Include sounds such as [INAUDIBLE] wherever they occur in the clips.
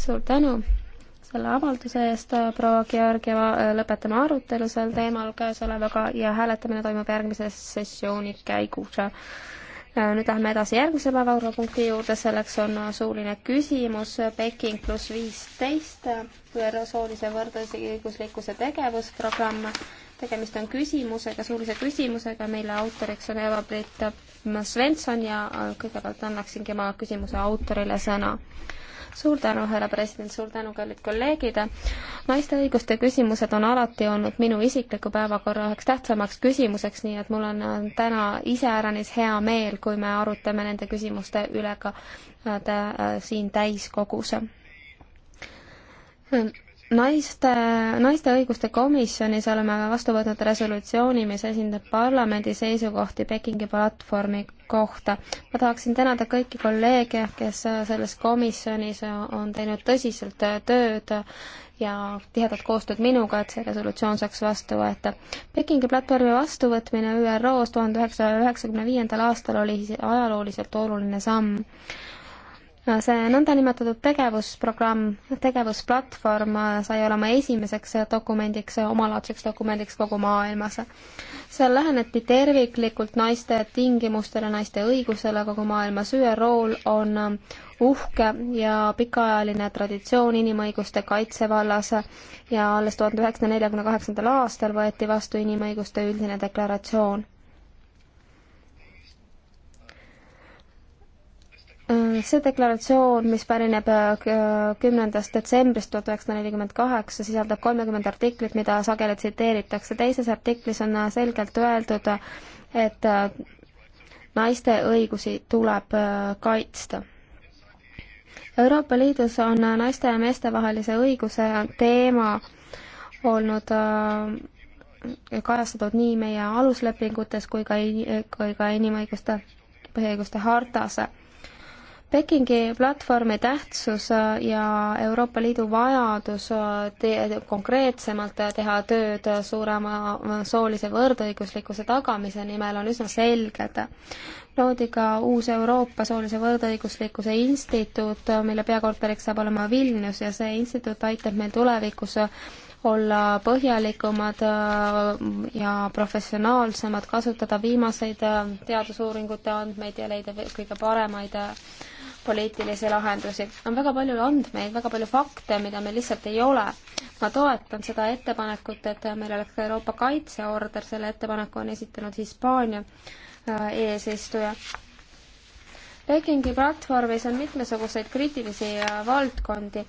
suur tänu selle avalduse eest, proua Georgieva, äh, lõpetame arutelu sel teemal käesolevaga ja hääletamine toimub järgmise sessiooni käigus. Äh, nüüd lähme edasi järgmise päevakorrapunkti juurde, selleks on äh, suuline küsimus Peking pluss viisteist, ÜRO soolise võrdõiguslikkuse tegevusprogramm. tegemist on küsimusega, suulise küsimusega, mille autoriks on Eva-Britt Svensson ja kõigepealt annaksingi ma küsimuse autorile sõna suur tänu, härra president, suur tänu, kallid kolleegid. naiste õiguste küsimused on alati olnud minu isikliku päevakorra üheks tähtsamaks küsimuseks, nii et mul on äh, täna iseäranis hea meel, kui me arutame nende küsimuste üle ka äh, äh, siin täiskogus naiste, naiste õiguste komisjonis oleme vastu võtnud resolutsiooni, mis esindab parlamendi seisukohti Pekingi platvormi kohta. ma tahaksin tänada kõiki kolleege, kes selles komisjonis on teinud tõsiselt tööd ja tihedat koostööd minuga, et see resolutsioon saaks vastu võeta. Pekingi platvormi vastuvõtmine ÜRO-s tuhande üheksasaja üheksakümne viiendal aastal oli ajalooliselt oluline samm see nõndanimetatud tegevusprogramm, tegevusplatvorm äh, sai olema esimeseks äh, dokumendiks, äh, omalaadseks dokumendiks kogu maailmas. seal läheneti terviklikult naiste tingimustele, naiste õigusele kogu maailmas. ÜRO-l on uhke ja pikaajaline traditsioon inimõiguste kaitse vallas ja alles tuhande üheksasaja neljakümne kaheksandal aastal võeti vastu inimõiguste üldine deklaratsioon Äh, see deklaratsioon, mis pärineb äh, kümnendast detsembrist tuhat üheksasada nelikümmend kaheksa, sisaldab kolmekümmend artiklit, mida sageli tsiteeritakse. teises artiklis on äh, selgelt öeldud, et naiste õigusi tuleb kaitsta. Euroopa Liidus on naiste ja meeste vahelise õiguse teema olnud kajastatud nii meie aluslepingutes kui ka, kui ka inimõiguste, põhiõiguste hartas Pekingi platvormi tähtsus ja Euroopa Liidu vajadus te konkreetsemalt teha tööd suurema soolise võrdõiguslikkuse tagamise nimel on üsna selged. loodi ka uus Euroopa soolise võrdõiguslikkuse instituut, mille peakorteriks saab olema Vilnius ja see instituut aitab meil tulevikus olla põhjalikumad ja professionaalsemad, kasutada viimaseid teadusuuringute andmeid ja leida kõige paremaid poliitilisi lahendusi. on väga palju andmeid, väga palju fakte, mida meil lihtsalt ei ole. ma toetan seda ettepanekut, et meil oleks ka Euroopa kaitseorder, selle ettepaneku on esitanud Hispaania äh, eesistuja. Pekingi platvormis on mitmesuguseid kriitilisi äh, valdkondi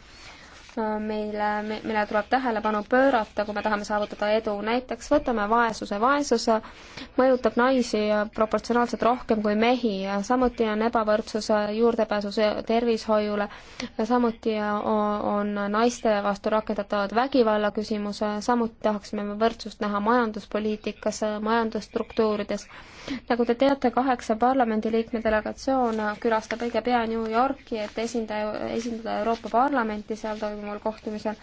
mille, mille tuleb tähelepanu pöörata, kui me tahame saavutada edu. näiteks võtame vaesuse. vaesus mõjutab naisi proportsionaalselt rohkem kui mehi ja samuti on ebavõrdsus juurdepääsus tervishoiule. samuti on naiste vastu rakendatavad vägivalla küsimus, samuti tahaksime võrdsust näha majanduspoliitikas, majandusstruktuurides nagu te teate, kaheksa parlamendiliikme delegatsioon külastab õige pea New Yorki, et esindaja, esindada Euroopa Parlamenti seal toimuval kohtumisel.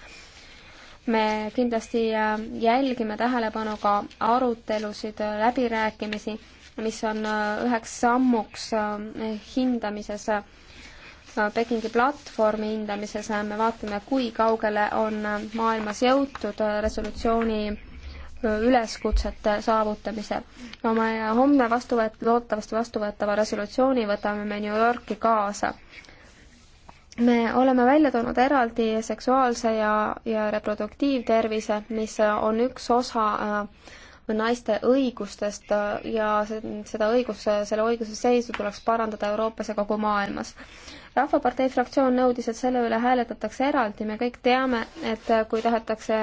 me kindlasti äh, jälgime tähelepanuga arutelusid, äh, läbirääkimisi, mis on äh, üheks sammuks hindamises Pekingi platvormi hindamises me vaatame, kui kaugele on maailmas jõutud resolutsiooni üleskutsete saavutamise. oma homme vastu võet-, loodetavasti vastuvõetava resolutsiooni võtame me New Yorki kaasa. me oleme välja toonud eraldi seksuaalse ja, ja reproduktiivtervise, mis on üks osa äh, naiste õigustest äh, ja seda õiguse, selle õiguse seisu tuleks parandada Euroopas ja kogu maailmas. rahvapartei fraktsioon nõudis, et selle üle hääletatakse eraldi, me kõik teame, et kui tahetakse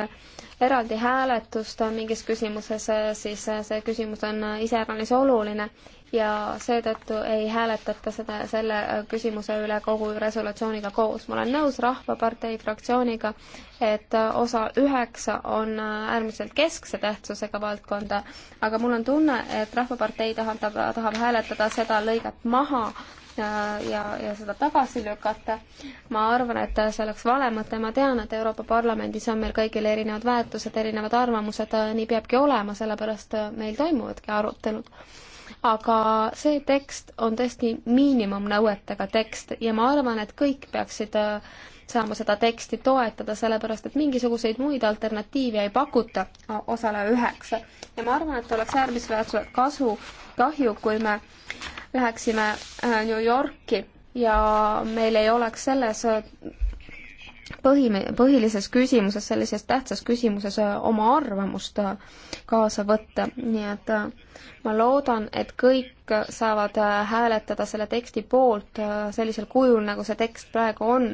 eraldi hääletust mingis küsimuses, siis see küsimus on iseäranis oluline ja seetõttu ei hääletata seda, selle küsimuse üle kogu resolutsiooniga koos. ma olen nõus Rahvapartei fraktsiooniga, et osa üheksa on äärmiselt keskse tähtsusega valdkonda, aga mul on tunne, et Rahvapartei tahab, tahab hääletada seda lõiget maha Äh, ja, ja seda tagasi lükata. ma arvan, et see oleks vale mõte, ma tean, et Euroopa Parlamendis on meil kõigil erinevad väärtused, erinevad arvamused, äh, nii peabki olema, sellepärast äh, meil toimuvadki arutelud. aga see tekst on tõesti miinimumnõuetega tekst ja ma arvan, et kõik peaksid äh, saama seda teksti toetada, sellepärast et mingisuguseid muid alternatiive ei pakuta osale üheksa. ja ma arvan, et oleks äärmisväärselt kasu, kahju, kui me läheksime äh, New Yorki ja meil ei oleks selles äh, põhi, põhilises küsimuses, sellises tähtsas küsimuses äh, oma arvamust kaasa võtta, nii et ma loodan, et kõik saavad hääletada selle teksti poolt sellisel kujul, nagu see tekst praegu on,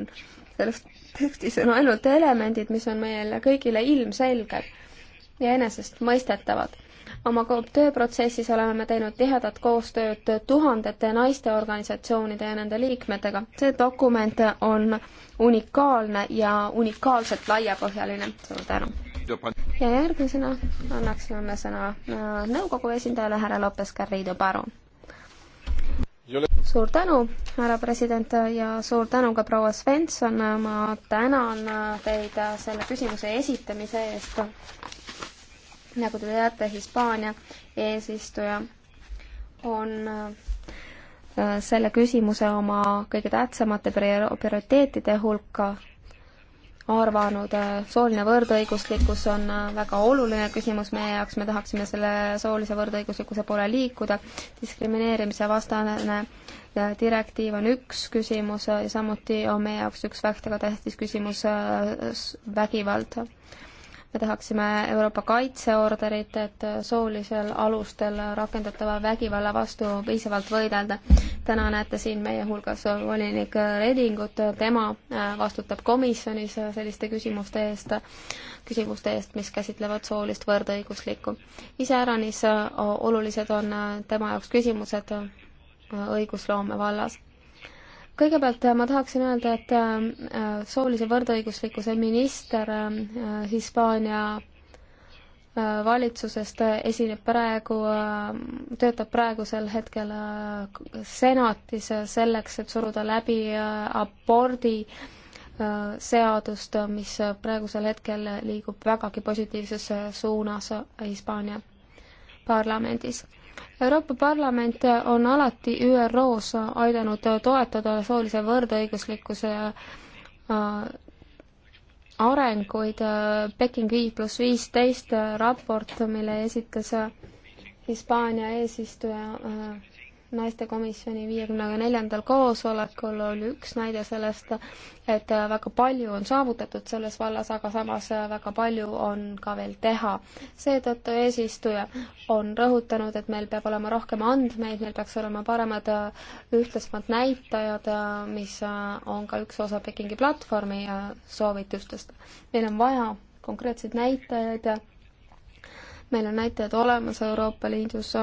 selles tekstis on ainult elemendid, mis on meile kõigile ilmselged ja enesestmõistetavad. oma tööprotsessis oleme me teinud tihedat koostööd tuhandete naisteorganisatsioonide ja nende liikmetega. see dokument on unikaalne ja unikaalselt laiapõhjaline. suur tänu! ja järgmisena annaksime me sõna äh, nõukogu esindajale, härra Lopez Garrido Baru suur tänu, härra president ja suur tänu ka proua Svensson, ma tänan teid selle küsimuse esitamise eest. nagu te teate, Hispaania eesistuja on äh, selle küsimuse oma kõige tähtsamate prioriteetide hulka arvanud, äh, sooline võrdõiguslikkus on äh, väga oluline küsimus meie jaoks, me tahaksime selle soolise võrdõiguslikkuse poole liikuda, diskrimineerimise vastane äh, direktiiv on üks küsimus, samuti on meie jaoks üks väga tähtis küsimus vägivald me tahaksime Euroopa kaitseorderit, et soolisel alustel rakendatava vägivalla vastu piisavalt võidelda. täna näete siin meie hulgas volinik Redingut, tema äh, vastutab komisjonis selliste küsimuste eest, küsimuste eest, mis käsitlevad soolist võrdõiguslikku. iseäranis äh, olulised on äh, tema jaoks küsimused õigusloome vallas kõigepealt äh, ma tahaksin öelda, et äh, äh, soolise võrdõiguslikkuse minister Hispaania valitsusest esineb praegu, töötab praegusel hetkel senatis selleks, et suruda läbi abordi seadust, mis praegusel hetkel liigub vägagi positiivses suunas Hispaania parlamendis Euroopa Parlament on alati ÜRO-s aidanud toetada soolise võrdõiguslikkuse äh, arenguid. Peking viis pluss viisteist raport, mille esitas Hispaania eesistuja äh, naistekomisjoni viiekümne neljandal koosolekul oli üks näide sellest, et väga palju on saavutatud selles vallas, aga samas väga palju on ka veel teha. seetõttu eesistuja on rõhutanud, et meil peab olema rohkem andmeid, meil peaks olema paremad ühtlasemad näitajad, mis on ka üks osa Pekingi platvormi soovitustest. meil on vaja konkreetseid näitajaid, meil on näitajad olemas Euroopa Liidus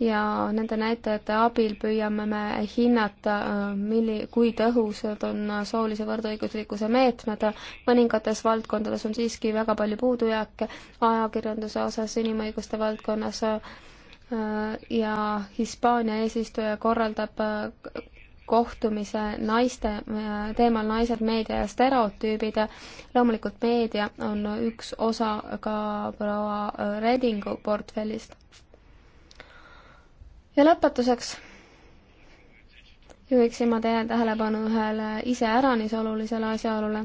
ja nende näitajate abil püüame me hinnata, äh, milli-, kui tõhusad on soolise võrdõiguslikkuse meetmed. mõningates valdkondades on siiski väga palju puudujääke ajakirjanduse osas, inimõiguste valdkonnas äh, ja Hispaania eesistuja korraldab äh, kohtumise naiste teemal Naised, meedia ja stereotüübid. loomulikult meedia on üks osa ka proua Redingu portfellist ja lõpetuseks juhiksin ma teie tähelepanu ühele iseäranis olulisele asjaolule,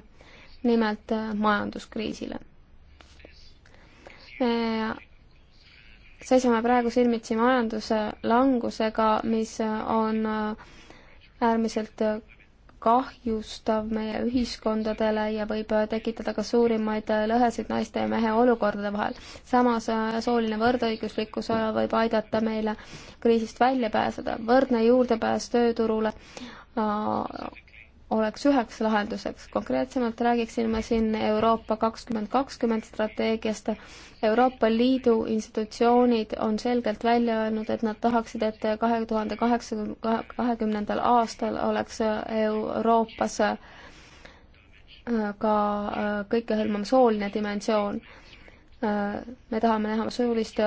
nimelt äh, majanduskriisile. me seisame praegu silmitsi majanduslangusega, mis on äh, äärmiselt äh, kahjustav meie ühiskondadele ja võib tekitada ka suurimaid lõhesid naiste ja mehe olukordade vahel. samas äh, sooline võrdõiguslikkus äh, võib aidata meile kriisist välja pääseda. võrdne juurdepääs tööturule äh, oleks üheks lahenduseks. konkreetsemalt räägiksin ma siin Euroopa kakskümmend kakskümmend strateegiast. Euroopa Liidu institutsioonid on selgelt välja öelnud, et nad tahaksid, et kahe tuhande kaheksakümne, kahekümnendal aastal oleks Euroopas äh, ka äh, kõikehõlmav sooline dimensioon. Äh, me tahame näha soolist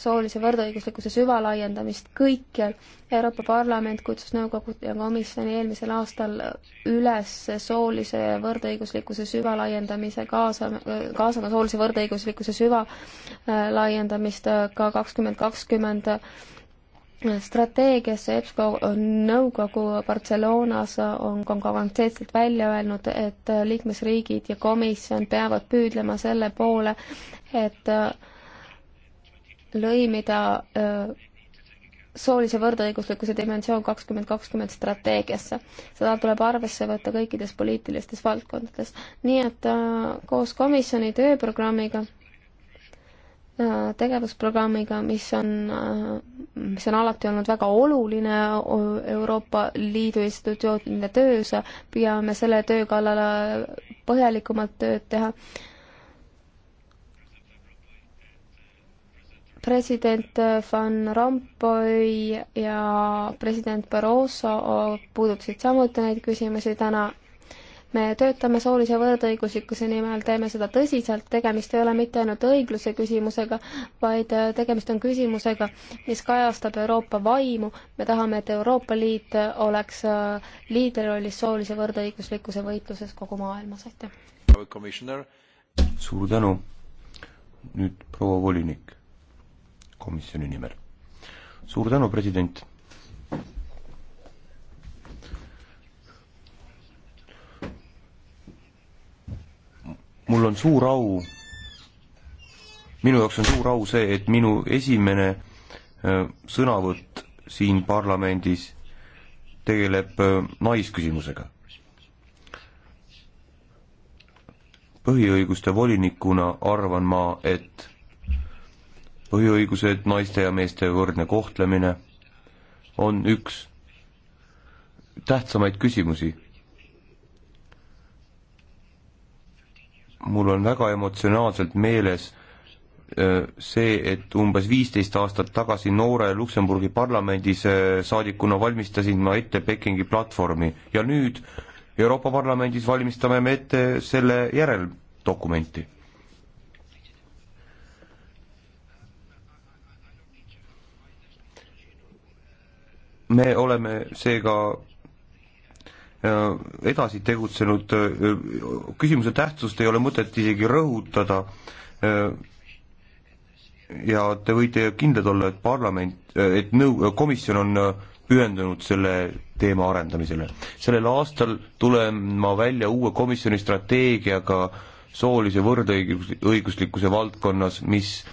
soolise võrdõiguslikkuse süvalaiendamist kõikjal. Euroopa Parlament kutsus nõukogu ja komisjoni eelmisel aastal üles soolise võrdõiguslikkuse süvalaiendamise kaasa, kaasama soolise võrdõiguslikkuse süvalaiendamist ka kakskümmend kakskümmend strateegiasse EBSCO nõukogu Barcelonas on konkreetselt välja öelnud, et liikmesriigid ja komisjon peavad püüdlema selle poole, et äh, lõimida soolise võrdõiguslikkuse dimensioon kakskümmend kakskümmend strateegiasse. seda tuleb arvesse võtta kõikides poliitilistes valdkondades. nii et koos komisjoni tööprogrammiga, tegevusprogrammiga, mis on, mis on alati olnud väga oluline Euroopa Liidu institutsioonide töös, püüame selle töö kallal põhjalikumalt tööd teha president äh, Van Rompuy ja president Barroso äh, puudutasid samuti neid küsimusi täna. me töötame soolise võrdõiguslikkuse nimel, teeme seda tõsiselt, tegemist ei ole mitte ainult õigluse küsimusega, vaid äh, tegemist on küsimusega, mis kajastab Euroopa vaimu. me tahame, et Euroopa Liit oleks liidrirollis soolise võrdõiguslikkuse võitluses kogu maailmas, aitäh! suur tänu! nüüd proua volinik komisjoni nimel. suur tänu, president. mul on suur au, minu jaoks on suur au see, et minu esimene äh, sõnavõtt siin parlamendis tegeleb äh, naisküsimusega. põhiõiguste volinikuna arvan ma, et põhiõigused, naiste ja meeste võrdne kohtlemine on üks tähtsamaid küsimusi. mul on väga emotsionaalselt meeles äh, see, et umbes viisteist aastat tagasi noore Luksemburgi parlamendis äh, saadikuna valmistasin ma ette Pekingi platvormi ja nüüd Euroopa Parlamendis valmistame me ette selle järeldokumenti me oleme seega äh, edasi tegutsenud, äh, küsimuse tähtsust ei ole mõtet isegi rõhutada äh, ja te võite kindlad olla, et parlament, et nõu-, komisjon on pühendunud selle teema arendamisele. sellel aastal tulen ma välja uue komisjoni strateegiaga soolise võrdõiguslikkuse valdkonnas, mis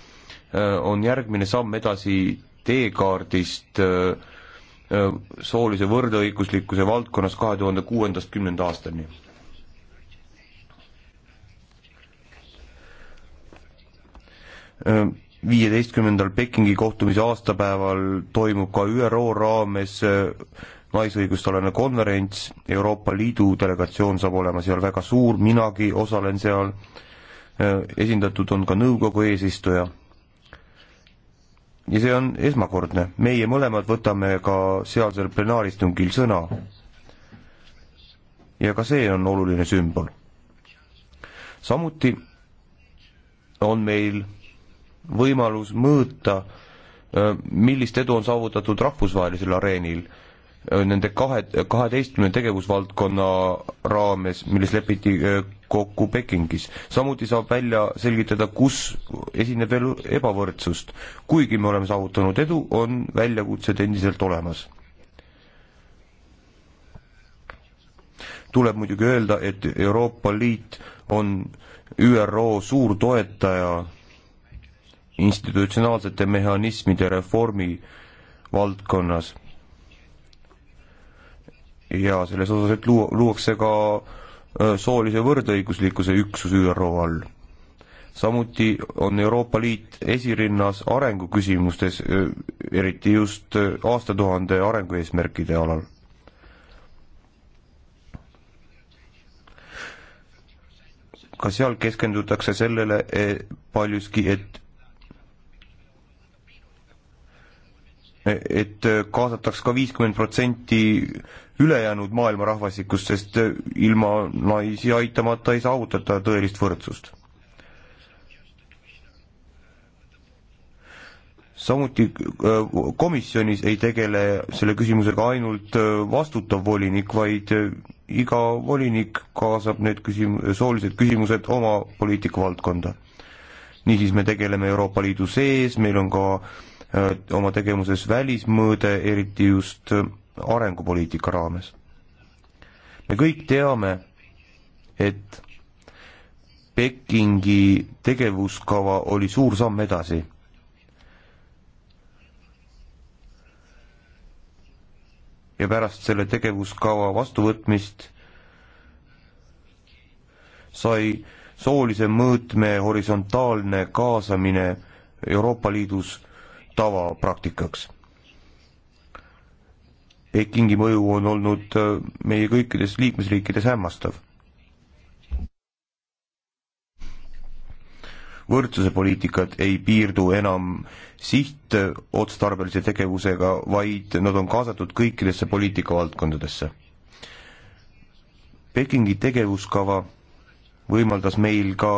on järgmine samm edasi teekaardist äh, soolise võrdõiguslikkuse valdkonnas kahe tuhande kuuendast kümnenda aastani. viieteistkümnendal Pekingi kohtumise aastapäeval toimub ka ÜRO raames naisõigustalane konverents, Euroopa Liidu delegatsioon saab olema seal väga suur, minagi osalen seal, esindatud on ka nõukogu eesistuja ja see on esmakordne. meie mõlemad võtame ka sealsel plenaaristungil sõna. ja ka see on oluline sümbol. samuti on meil võimalus mõõta, äh, millist edu on saavutatud rahvusvahelisel areenil Äh, nende kahe, kaheteistkümne tegevusvaldkonna raames, milles lepiti äh, kokku Pekingis. samuti saab välja selgitada, kus esineb veel ebavõrdsust. kuigi me oleme saavutanud edu, on väljakutsed endiselt olemas. tuleb muidugi öelda, et Euroopa Liit on ÜRO suur toetaja institutsionaalsete mehhanismide reformi valdkonnas ja selles osas, et luua, luuakse ka soolise võrdõiguslikkuse üksus ÜRO all. samuti on Euroopa Liit esirinnas arenguküsimustes, eriti just aastatuhande arengueesmärkide alal. ka seal keskendutakse sellele e, paljuski, et et kaasataks ka viiskümmend protsenti ülejäänud maailma rahvastikust, sest ilma naisi aitamata ei saavutata tõelist võrdsust. samuti äh, komisjonis ei tegele selle küsimusega ainult äh, vastutav volinik, vaid äh, iga volinik kaasab need küsim-, soolised küsimused oma poliitikavaldkonda. niisiis me tegeleme Euroopa Liidu sees, meil on ka äh, Äh, oma tegevuses välismõõde, eriti just äh, arengupoliitika raames. me kõik teame, et Pekingi tegevuskava oli suur samm edasi. ja pärast selle tegevuskava vastuvõtmist sai soolise mõõtme horisontaalne kaasamine Euroopa Liidus tavapraktikaks. Pekingi mõju on olnud äh, meie kõikides liikmesriikides hämmastav. võrdsuse poliitikad ei piirdu enam sihtotstarbelise tegevusega, vaid nad on kaasatud kõikidesse poliitikavaldkondadesse. Pekingi tegevuskava võimaldas meil ka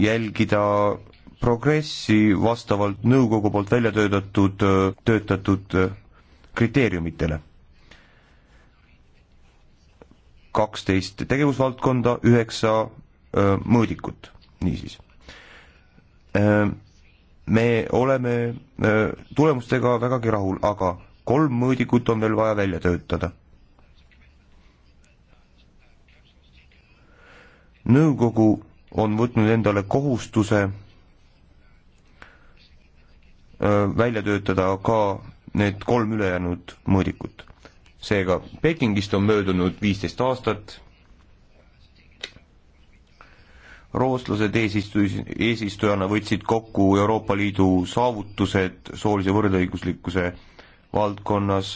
jälgida progressi vastavalt nõukogu poolt välja töötatud, töötatud äh, kriteeriumitele. kaksteist tegevusvaldkonda, üheksa äh, mõõdikut, niisiis. Äh, me oleme tulemustega vägagi rahul, aga kolm mõõdikut on veel vaja välja töötada nõukogu on võtnud endale kohustuse välja töötada ka need kolm ülejäänud mõõdikut. seega Pekingist on möödunud viisteist aastat, rootslased eesistus, eesistujana võtsid kokku Euroopa Liidu saavutused soolise võrdõiguslikkuse valdkonnas,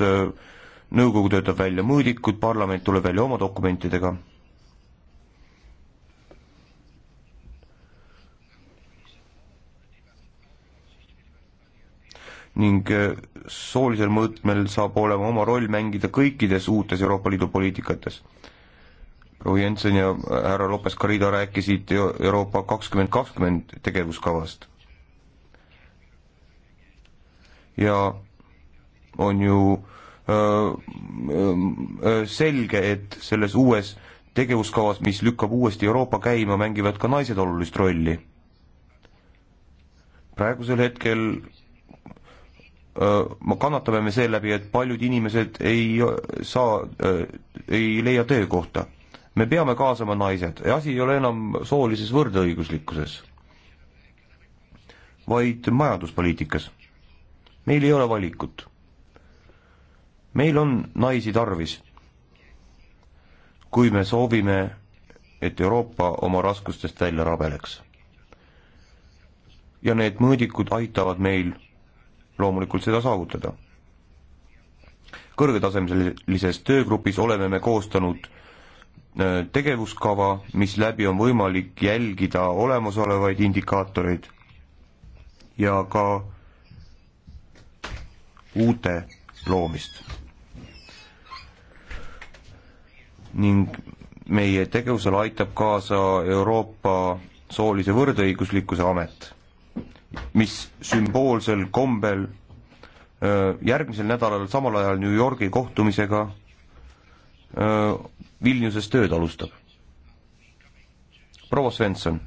nõukogu töötab välja mõõdikud, parlament tuleb välja oma dokumentidega ning äh, soolisel mõõtmel saab olema oma roll mängida kõikides uutes Euroopa Liidu poliitikates. proua Jensen ja äh, härra Lopez Garrido rääkisid e-, Euroopa kakskümmend kakskümmend tegevuskavast. ja on ju öö, äh, öö, selge, et selles uues tegevuskavas, mis lükkab uuesti Euroopa käima, mängivad ka naised olulist rolli. praegusel hetkel ma kannatame me seeläbi, et paljud inimesed ei saa, ei leia töökohta. me peame kaasama naised, asi ei ole enam soolises võrdõiguslikkuses, vaid majanduspoliitikas. meil ei ole valikut. meil on naisi tarvis. kui me soovime, et Euroopa oma raskustest välja rabeleks. ja need mõõdikud aitavad meil loomulikult seda saavutada. kõrgetasemelises töögrupis oleme me koostanud äh, tegevuskava, mis läbi on võimalik jälgida olemasolevaid indikaatoreid ja ka uute loomist. ning meie tegevusele aitab kaasa Euroopa soolise võrdõiguslikkuse amet mis sümboolsel kombel järgmisel nädalal samal ajal New Yorgi kohtumisega Vilniuses tööd alustab. proua Svensson.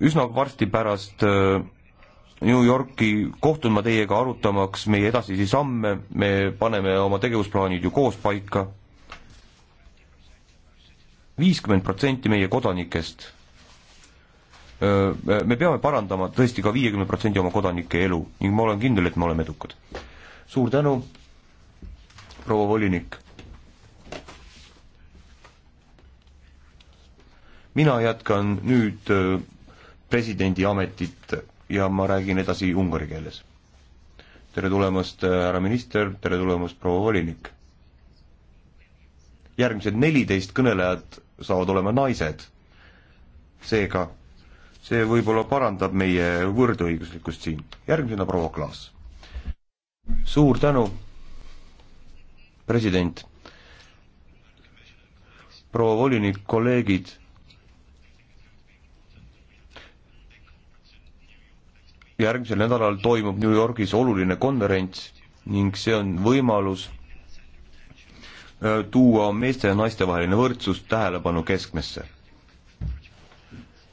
üsna varsti pärast New Yorki kohtun ma teiega arutamaks meie edasisi samme, me paneme oma tegevusplaanid ju koos paika. viiskümmend protsenti meie kodanikest me peame parandama tõesti ka viiekümne protsendi oma kodanike elu ning ma olen kindel, et me oleme edukad. suur tänu, proua volinik. mina jätkan nüüd presidendi ametit ja ma räägin edasi ungari keeles. tere tulemast, härra minister, tere tulemast, proua volinik. järgmised neliteist kõnelejat saavad olema naised. seega see võib-olla parandab meie võrdõiguslikkust siin. järgmisena proua Klaas. suur tänu, president, proua volinik, kolleegid, järgmisel nädalal toimub New Yorgis oluline konverents ning see on võimalus äh, tuua meeste ja naiste vaheline võrdsus tähelepanu keskmesse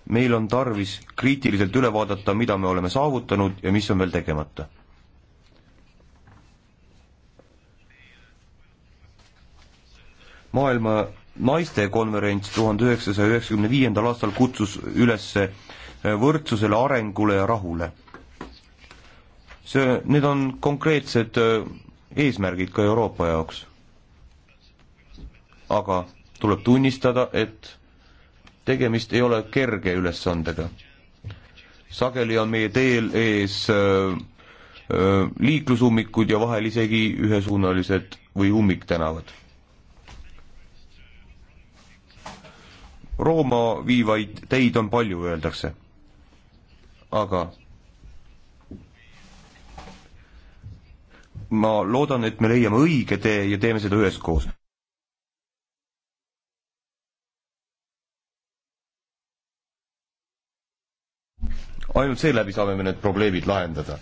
meil on tarvis kriitiliselt üle vaadata, mida me oleme saavutanud ja mis on veel tegemata. maailma naistekonverents tuhande üheksasaja üheksakümne viiendal aastal kutsus üles eh, võrdsusele, arengule ja rahule. see, need on konkreetsed eh, eesmärgid ka Euroopa jaoks. aga tuleb tunnistada, et tegemist ei ole kerge ülesandega. sageli on meie teel ees öö, äh, öö, äh, liiklusummikud ja vahel isegi ühesuunalised või ummiktänavad. Rooma viivaid teid on palju, öeldakse. aga ma loodan, et me leiame õige tee ja teeme seda üheskoos. ainult seeläbi saame me need probleemid lahendada.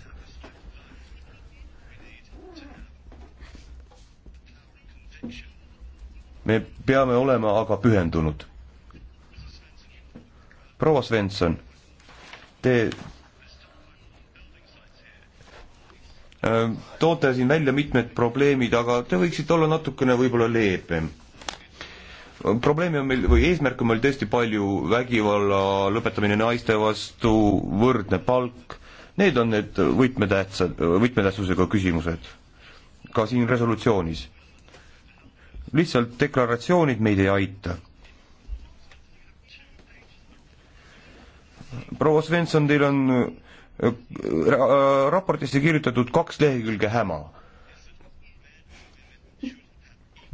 me peame olema aga pühendunud. proua Svensson, te ähm, toote siin välja mitmed probleemid, aga te võiksite olla natukene võib-olla leebem probleeme on meil või eesmärke on meil tõesti palju, vägivalla lõpetamine naiste vastu, võrdne palk, need on need võtmetähtsad, võtmetähtsusega küsimused ka siin resolutsioonis. lihtsalt deklaratsioonid meid ei aita. proua Svensson, teil on äh, äh, raportisse kirjutatud kaks lehekülge häma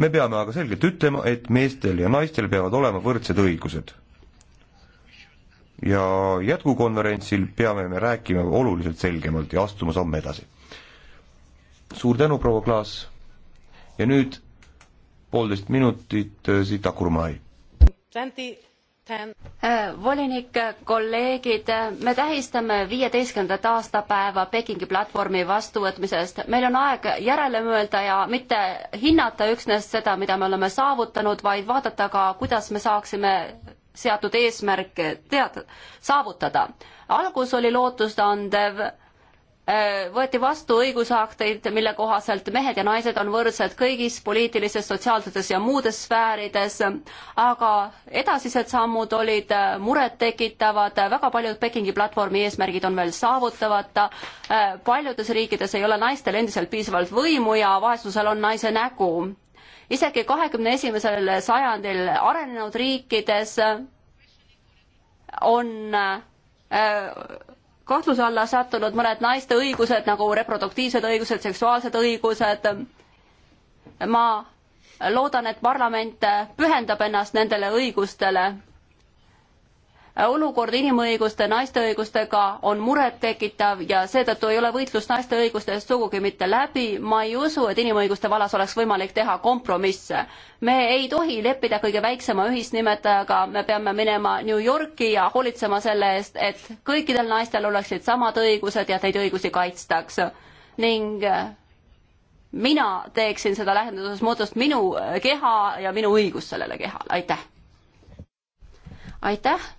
me peame aga selgelt ütlema, et meestel ja naistel peavad olema võrdsed õigused. ja jätkukonverentsil peame me rääkima oluliselt selgemalt ja astuma samme edasi. suur tänu, proua Klaas, ja nüüd poolteist minutit äh, siit Akurmaai. Äh, volinik, äh, kolleegid, äh, me tähistame viieteistkümnendat aastapäeva Pekingi platvormi vastuvõtmisest. meil on aeg järele mõelda ja mitte hinnata üksnes seda, mida me oleme saavutanud, vaid vaadata ka, kuidas me saaksime seatud eesmärke tead-, saavutada. algus oli lootustandev Äh, võeti vastu õigusakteid, mille kohaselt mehed ja naised on võrdsed kõigis poliitilises, sotsiaalsetes ja muudes sfäärides, aga edasised sammud olid äh, murettekitavad, väga paljud Pekingi platvormi eesmärgid on veel saavutamata, äh, paljudes riikides ei ole naistel endiselt piisavalt võimu ja vaesusel on naise nägu. isegi kahekümne esimesel sajandil arenenud riikides on kahtluse alla sattunud mõned naiste õigused nagu reproduktiivsed õigused, seksuaalsed õigused. ma loodan, et parlament pühendab ennast nendele õigustele Äh, olukord inimõiguste, naiste õigustega on murettekitav ja seetõttu ei ole võitlus naiste õiguste eest sugugi mitte läbi. ma ei usu, et inimõiguste vallas oleks võimalik teha kompromisse. me ei tohi leppida kõige väiksema ühisnimetajaga, me peame minema New Yorki ja hoolitsema selle eest, et kõikidel naistel oleksid samad õigused ja et neid õigusi kaitstaks. ning äh, mina teeksin seda lähenduses moodust minu keha ja minu õigus sellele kehale, aitäh! aitäh!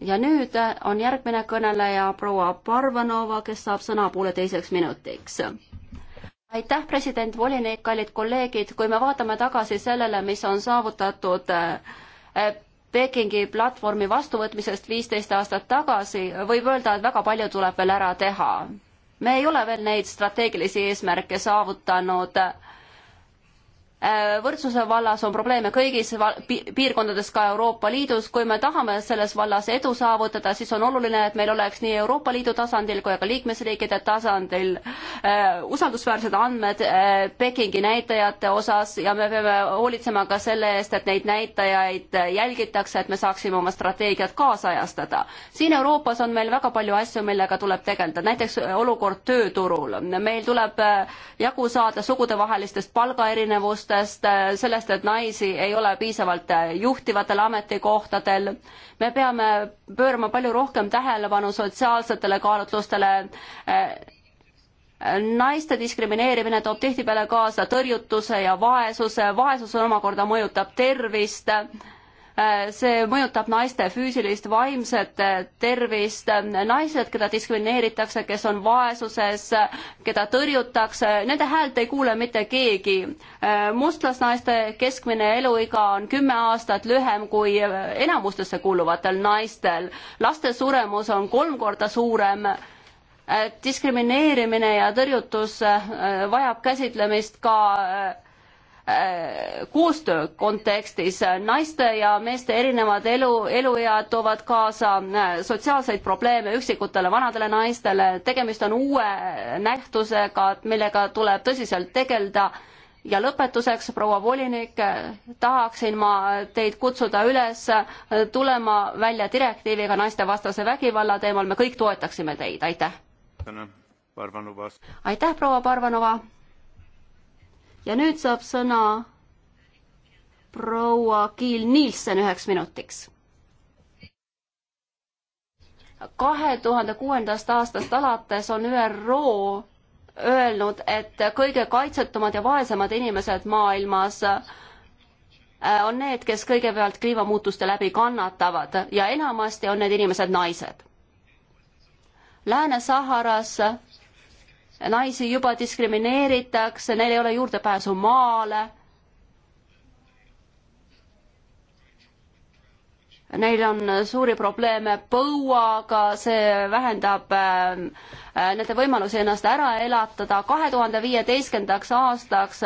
ja nüüd on järgmine kõneleja proua Parvanova, kes saab sõna pooleteiseks minutiks aitäh, president, volinik, kallid kolleegid, kui me vaatame tagasi sellele, mis on saavutatud eh, Pekingi platvormi vastuvõtmisest viisteist aastat tagasi, võib öelda, et väga palju tuleb veel ära teha. me ei ole veel neid strateegilisi eesmärke saavutanud äh, Äh, võrdsuse vallas on probleeme kõigis piirkondades, ka Euroopa Liidus. kui me tahame selles vallas edu saavutada, siis on oluline, et meil oleks nii Euroopa Liidu tasandil kui ka liikmesriikide tasandil äh, usaldusväärsed andmed äh, Pekingi näitajate osas ja me peame hoolitsema ka selle eest, et neid näitajaid jälgitakse, et me saaksime oma strateegiat kaasajastada. siin Euroopas on meil väga palju asju, millega tuleb tegeleda, näiteks olukord tööturul. meil tuleb äh, jagu saada sugudevahelistest palgaerinevustest, ebavõrdsustest, äh, sellest, et naisi ei ole piisavalt äh, juhtivatel ametikohtadel. me peame pöörama palju rohkem tähelepanu sotsiaalsetele kaalutlustele. Äh, naiste diskrimineerimine toob tihtipeale kaasa tõrjutuse ja vaesuse, vaesus omakorda mõjutab tervist Äh, see mõjutab naiste füüsilist, vaimset äh, tervist, naised, keda diskrimineeritakse, kes on vaesuses, keda tõrjutakse, nende häält ei kuule mitte keegi. Äh, mustlasnaiste keskmine eluiga on kümme aastat lühem kui enamustesse kuuluvatel naistel. laste suremus on kolm korda suurem diskrimineerimine ja tõrjutus vajab käsitlemist ka koostöö kontekstis. naiste ja meeste erinevad elu, eluead toovad kaasa äh, sotsiaalseid probleeme üksikutele vanadele naistele, tegemist on uue nähtusega, millega tuleb tõsiselt tegeleda ja lõpetuseks, proua volinik, äh, tahaksin ma teid kutsuda üles äh, tulema välja direktiiviga naistevastase vägivalla teemal, me kõik toetaksime teid, aitäh! aitäh, proua Parvanova! ja nüüd saab sõna proua Kiil Nielsen üheks minutiks. kahe tuhande kuuendast aastast alates on ÜRO öelnud, et kõige kaitsetumad ja vaesemad inimesed maailmas äh, on need, kes kõigepealt kliimamuutuste läbi kannatavad ja enamasti on need inimesed naised. Lääne-Saharas naisi juba diskrimineeritakse, neil ei ole juurdepääsu maale. Neil on suuri probleeme põuaga, see vähendab äh, äh, nende võimalusi ennast ära elatada. kahe tuhande viieteistkümnendaks aastaks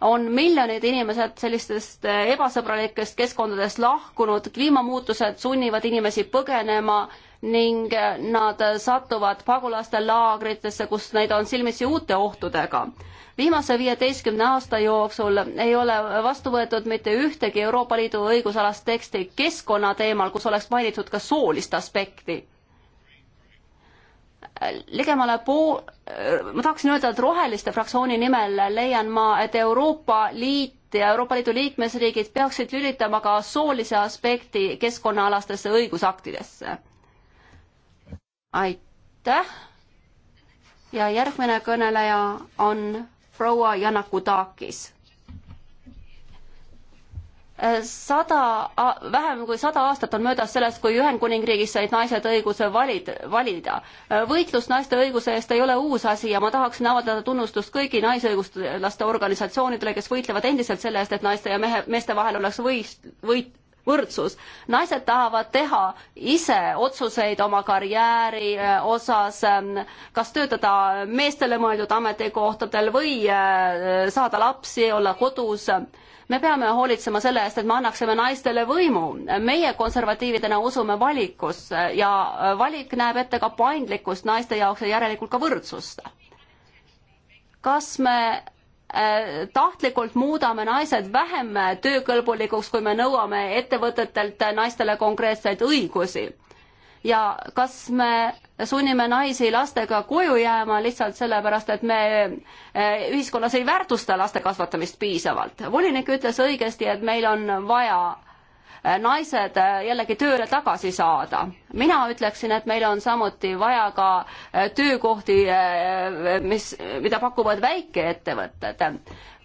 on miljonid inimesed sellistest äh, ebasõbralikest keskkondadest lahkunud, kliimamuutused sunnivad inimesi põgenema ning eh, nad satuvad pagulaste laagritesse, kus neid on silmitsi uute ohtudega. viimase viieteistkümne aasta jooksul ei ole vastu võetud mitte ühtegi Euroopa Liidu õigusalast teksti keskkonna teemal, kus oleks mainitud ka soolist aspekti ligemale pool, eh, ma tahaksin öelda, et Roheliste fraktsiooni nimel leian ma, et Euroopa Liit ja Euroopa Liidu liikmesriigid peaksid lülitama ka soolise aspekti keskkonnaalastesse õigusaktidesse aitäh. ja järgmine kõneleja on proua Janakutakis. sada, vähem kui sada aastat on möödas sellest, kui Ühendkuningriigis said naised õiguse valid, valida. võitlus naiste õiguse eest ei ole uus asi ja ma tahaksin avaldada tunnustust kõigi naisõiguslaste organisatsioonidele, kes võitlevad endiselt selle eest, et naiste ja mehe, meeste vahel oleks võist-, võit-, võrdsus. naised tahavad teha ise otsuseid oma karjääri äh, osas, ähm, kas töötada meestele mõeldud ametikohtadel või äh, saada lapsi, olla kodus. me peame hoolitsema selle eest, et me annaksime naistele võimu. meie konservatiividena usume valikusse ja äh, valik näeb ette ka paindlikkust naiste jaoks ja järelikult ka võrdsust. kas me tahtlikult muudame naised vähem töökõlbulikuks, kui me nõuame ettevõtetelt naistele konkreetseid õigusi. ja kas me sunnime naisi lastega koju jääma lihtsalt sellepärast, et me e, ühiskonnas ei väärtusta laste kasvatamist piisavalt. volinik ütles õigesti, et meil on vaja Äh, naised äh, jällegi tööle tagasi saada. mina ütleksin, et meil on samuti vaja ka äh, töökohti, mis, mida pakuvad väikeettevõtted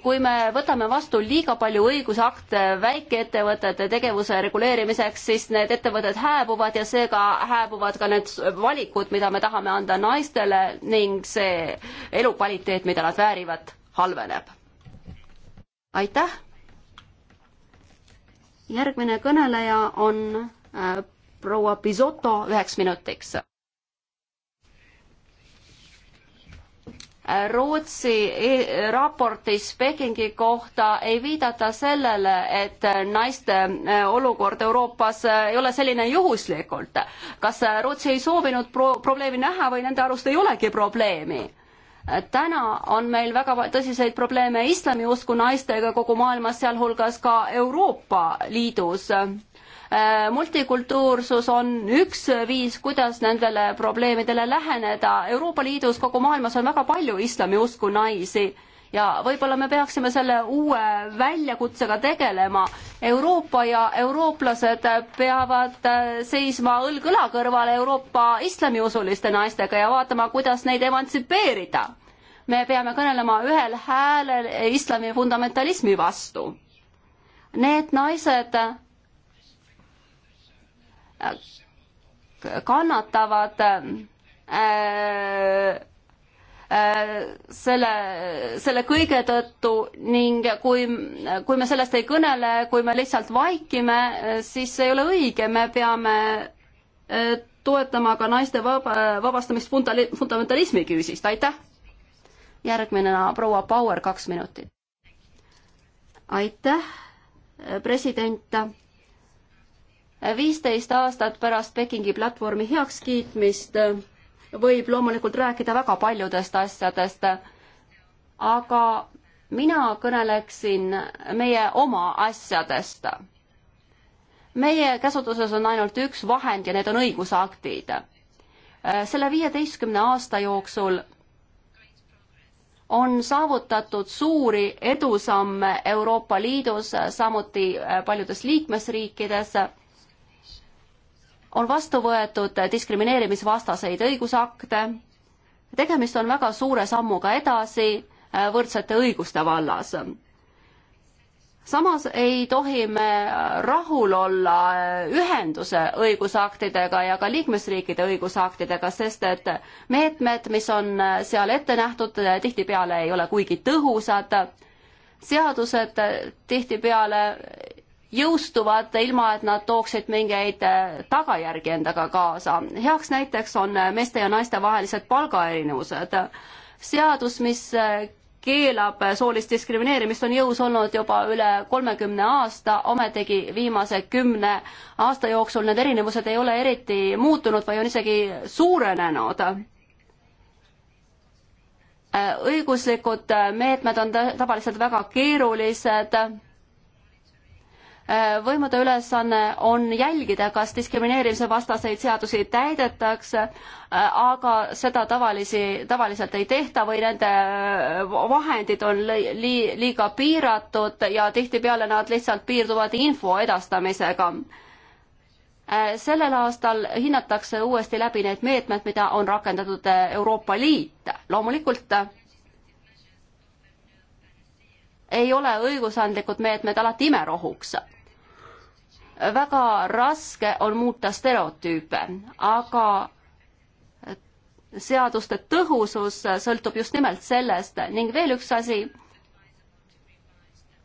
kui me võtame vastu liiga palju õigusakte väikeettevõtete tegevuse reguleerimiseks, siis need ettevõtted hääbuvad ja seega hääbuvad ka need valikud, mida me tahame anda naistele ning see elukvaliteet, mida nad väärivad, halveneb. aitäh! järgmine kõneleja on äh, proua Pisoto üheks minutiks. Äh, Rootsi e-, raportis Pekingi kohta ei viidata sellele, et äh, naiste olukord Euroopas ei ole selline juhuslikult. kas Rootsi ei soovinud pro probleemi näha või nende arust ei olegi probleemi? täna on meil väga tõsiseid probleeme islamiusku naistega kogu maailmas, sealhulgas ka Euroopa Liidus. Äh, multikultuursus on üks viis, kuidas nendele probleemidele läheneda. Euroopa Liidus, kogu maailmas on väga palju islamiusku naisi ja võib-olla me peaksime selle uue väljakutsega tegelema. Euroopa ja eurooplased peavad äh, seisma õlg õla kõrval Euroopa islamiusuliste naistega ja vaatama, kuidas neid emantsipeerida. me peame kõnelema ühel häälel islami fundamentalismi vastu. Need naised äh, kannatavad äh, Äh, selle, selle kõige tõttu ning kui, kui me sellest ei kõnele, kui me lihtsalt vaikime, äh, siis see ei ole õige, me peame äh, toetama ka naiste vaba, vabastamist fundali-, fundamentalismi küüsist, aitäh! järgmine proua Bauer, kaks minutit. aitäh, president! viisteist aastat pärast Pekingi platvormi heakskiitmist võib loomulikult rääkida väga paljudest asjadest, aga mina kõneleksin meie oma asjadest. meie käsutuses on ainult üks vahend ja need on õigusaktid. selle viieteistkümne aasta jooksul on saavutatud suuri edusamme Euroopa Liidus, samuti paljudes liikmesriikides on vastu võetud diskrimineerimisvastaseid õigusakte. tegemist on väga suure sammuga edasi äh, võrdsete õiguste vallas. samas ei tohi me rahul olla äh, ühenduse õigusaktidega ja ka liikmesriikide õigusaktidega, sest et meetmed, mis on äh, seal ette nähtud, tihtipeale ei ole kuigi tõhusad seadused tihtipeale jõustuvad, ilma et nad tooksid mingeid äh, tagajärgi endaga kaasa. heaks näiteks on äh, meeste ja naiste vahelised palgaerinevused. seadus, mis äh, keelab soolist diskrimineerimist, on jõus olnud juba üle kolmekümne aasta, ometigi viimase kümne aasta jooksul need erinevused ei ole eriti muutunud või on isegi suurenenud õiguslikud meetmed on tavaliselt väga keerulised Äh, võimude ülesanne on jälgida, kas diskrimineerimise vastaseid seadusi täidetakse, äh, aga seda tavalisi, tavaliselt ei tehta või nende äh, vahendid on li-, liiga piiratud ja tihtipeale nad lihtsalt piirduvad info edastamisega. sellel aastal hinnatakse uuesti läbi need meetmed, mida on rakendatud Euroopa Liit. loomulikult ei ole õigusandlikud meetmed alati imerohuks väga raske on muuta stereotüüpe, aga seaduste tõhusus sõltub just nimelt sellest ning veel üks asi,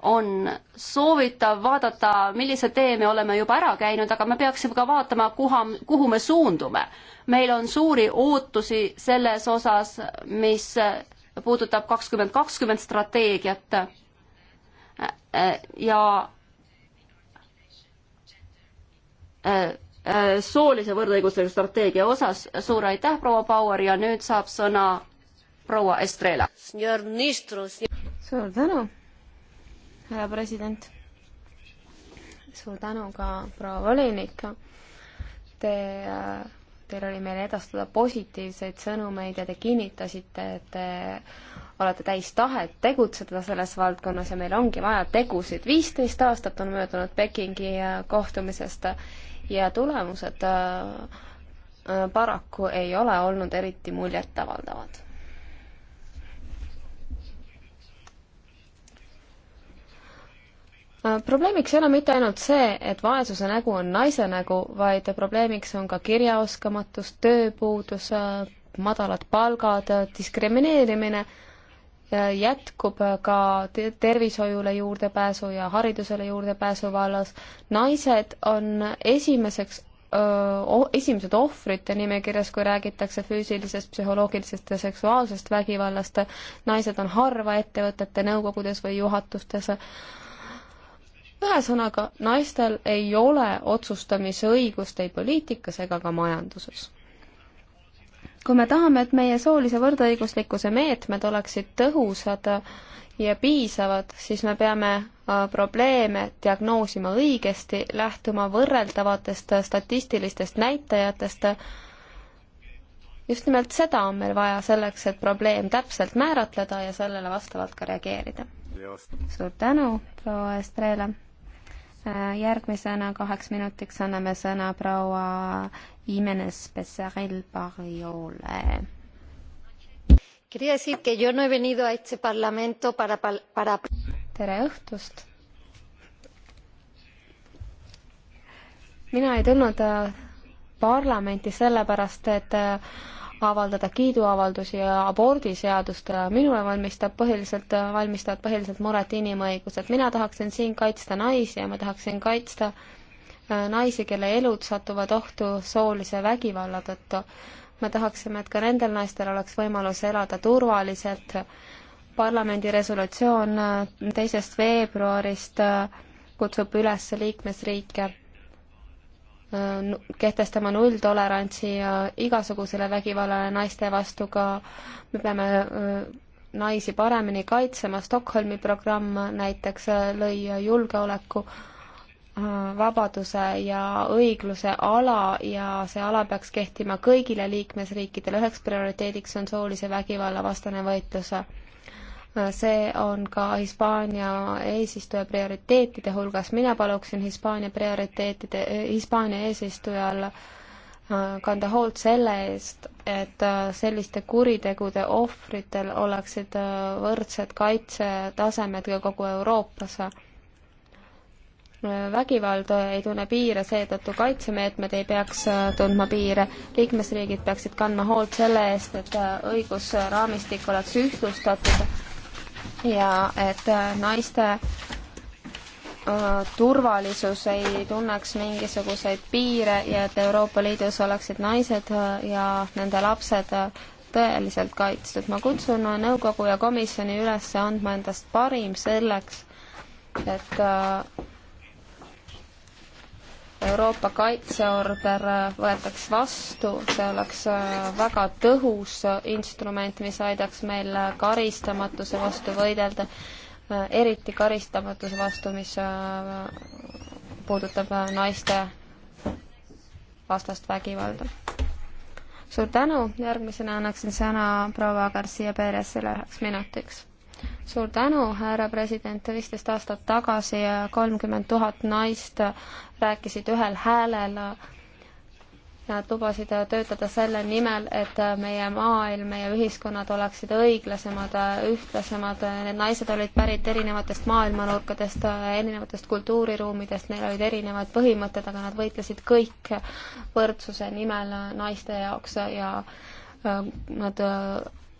on soovitav vaadata, millise tee me oleme juba ära käinud, aga me peaksime ka vaatama, kuha, kuhu me suundume. meil on suuri ootusi selles osas, mis puudutab kakskümmend kakskümmend strateegiat ja Äh, äh, soolise võrdõiguslikkuse strateegia osas. suur aitäh, proua Bauer ja nüüd saab sõna proua Estrela. suur tänu, härra president. suur tänu ka proua volinik. Te, äh, teil oli meile edastada positiivseid sõnumeid ja te kinnitasite, et te olete täis tahet tegutseda selles valdkonnas ja meil ongi vaja tegusid. viisteist aastat on möödunud Pekingi kohtumisest ja tulemused äh, äh, paraku ei ole olnud eriti muljetavaldavad. Äh, probleemiks ei ole mitte ainult see, et vaesuse nägu on naise nägu, vaid probleemiks on ka kirjaoskamatus, tööpuudus, madalad palgad, diskrimineerimine jätkub ka tervishoiule juurdepääsu ja haridusele juurdepääsu vallas. naised on esimeseks esimesed ohvrite nimekirjas, kui räägitakse füüsilisest, psühholoogilisest ja seksuaalsest vägivallast. naised on harva ettevõtete nõukogudes või juhatustes. ühesõnaga, naistel ei ole otsustamisõigust ei poliitikas ega ka majanduses kui me tahame, et meie soolise võrdõiguslikkuse meetmed oleksid tõhusad ja piisavad, siis me peame äh, probleeme diagnoosima õigesti, lähtuma võrreldavatest äh, statistilistest näitajatest. just nimelt seda on meil vaja selleks, et probleem täpselt määratleda ja sellele vastavalt ka reageerida. suur tänu, proua Estrela järgmisena kaheks minutiks anname sõna proua Imenes Becerril Barriole. Quería decir que yo no he venido a este Parlamento para, para... tere õhtust! mina ei tulnud äh, parlamenti sellepärast, et äh, avaldada kiiduavaldusi abordiseaduste, minule valmistab põhiliselt, valmistavad põhiliselt muret inimõigused. mina tahaksin siin kaitsta naisi ja ma tahaksin kaitsta äh, naisi, kelle elud satuvad ohtu soolise vägivalla tõttu. me tahaksime, et ka nendel naistel oleks võimalus elada turvaliselt. parlamendi resolutsioon äh, teisest veebruarist äh, kutsub üles liikmesriike Äh, kehtestama nulltolerantsi igasugusele vägivallale naiste vastu ka, me peame äh, naisi paremini kaitsema, Stockholmi programm näiteks äh, lõi julgeoleku vabaduse ja õigluse ala ja see ala peaks kehtima kõigile liikmesriikidele, üheks prioriteediks on soolise vägivalla vastane võitlus see on ka Hispaania eesistuja prioriteetide hulgas, mina paluksin Hispaania prioriteetide, Hispaania eesistujal äh, kanda hoolt selle eest, et äh, selliste kuritegude ohvritel oleksid äh, võrdsed kaitsetasemed kogu Euroopas. vägivald ei tunne piire, seetõttu kaitsemeetmed ei peaks tundma piire. liikmesriigid peaksid kandma hoolt selle eest, et õigusraamistik oleks ühtlustatud ja et äh, naiste äh, turvalisus ei tunneks mingisuguseid piire ja et Euroopa Liidus oleksid naised äh, ja nende lapsed tõeliselt kaitstud. ma kutsun nõukogu ja komisjoni üles andma endast parim selleks, et Euroopa kaitseorder äh, võetaks vastu, see oleks äh, väga tõhus äh, instrument, mis aidaks meil karistamatuse vastu võidelda, eriti karistamatuse vastu, mis puudutab naiste vastast vägivalda. suur tänu, järgmisena annaksin sõna proua Garcia Perezile üheks minutiks suur tänu, härra president, viisteist aastat tagasi kolmkümmend tuhat naist rääkisid ühel häälel. Nad lubasid töötada selle nimel, et meie maailm, meie ühiskonnad oleksid õiglasemad, ühtlasemad. Need naised olid pärit erinevatest maailmanurkadest, erinevatest kultuuriruumidest, neil olid erinevad põhimõtted, aga nad võitlesid kõik võrdsuse nimel naiste jaoks ja äh, nad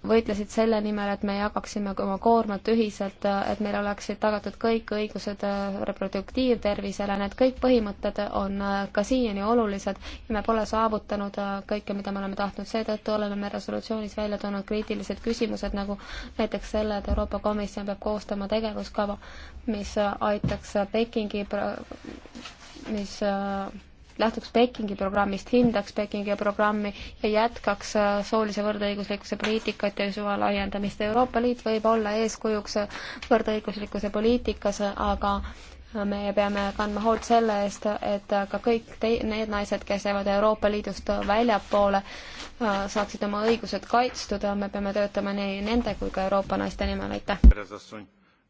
võitlesid selle nimel, et me jagaksime oma koormat ühiselt, et meil oleksid tagatud kõik õigused äh, reproduktiivtervisele, need kõik põhimõtted on äh, ka siiani olulised ja me pole saavutanud äh, kõike, mida me oleme tahtnud, seetõttu oleme me resolutsioonis välja toonud kriitilised küsimused, nagu näiteks selle, et Euroopa Komisjon peab koostama tegevuskava, mis aitaks Pekingi, mis lähtuks Pekingi programmist, hindaks Pekingi programmi ja jätkaks äh, soolise võrdõiguslikkuse poliitikat ja suva laiendamist. Euroopa Liit võib olla eeskujuks äh, võrdõiguslikkuse poliitikas, aga äh, meie peame kandma hoolt selle eest, et ka kõik te-, need naised, kes jäävad Euroopa Liidust väljapoole, saaksid oma õigused kaitstud, me peame töötama nii nende kui ka Euroopa naiste nimel, aitäh!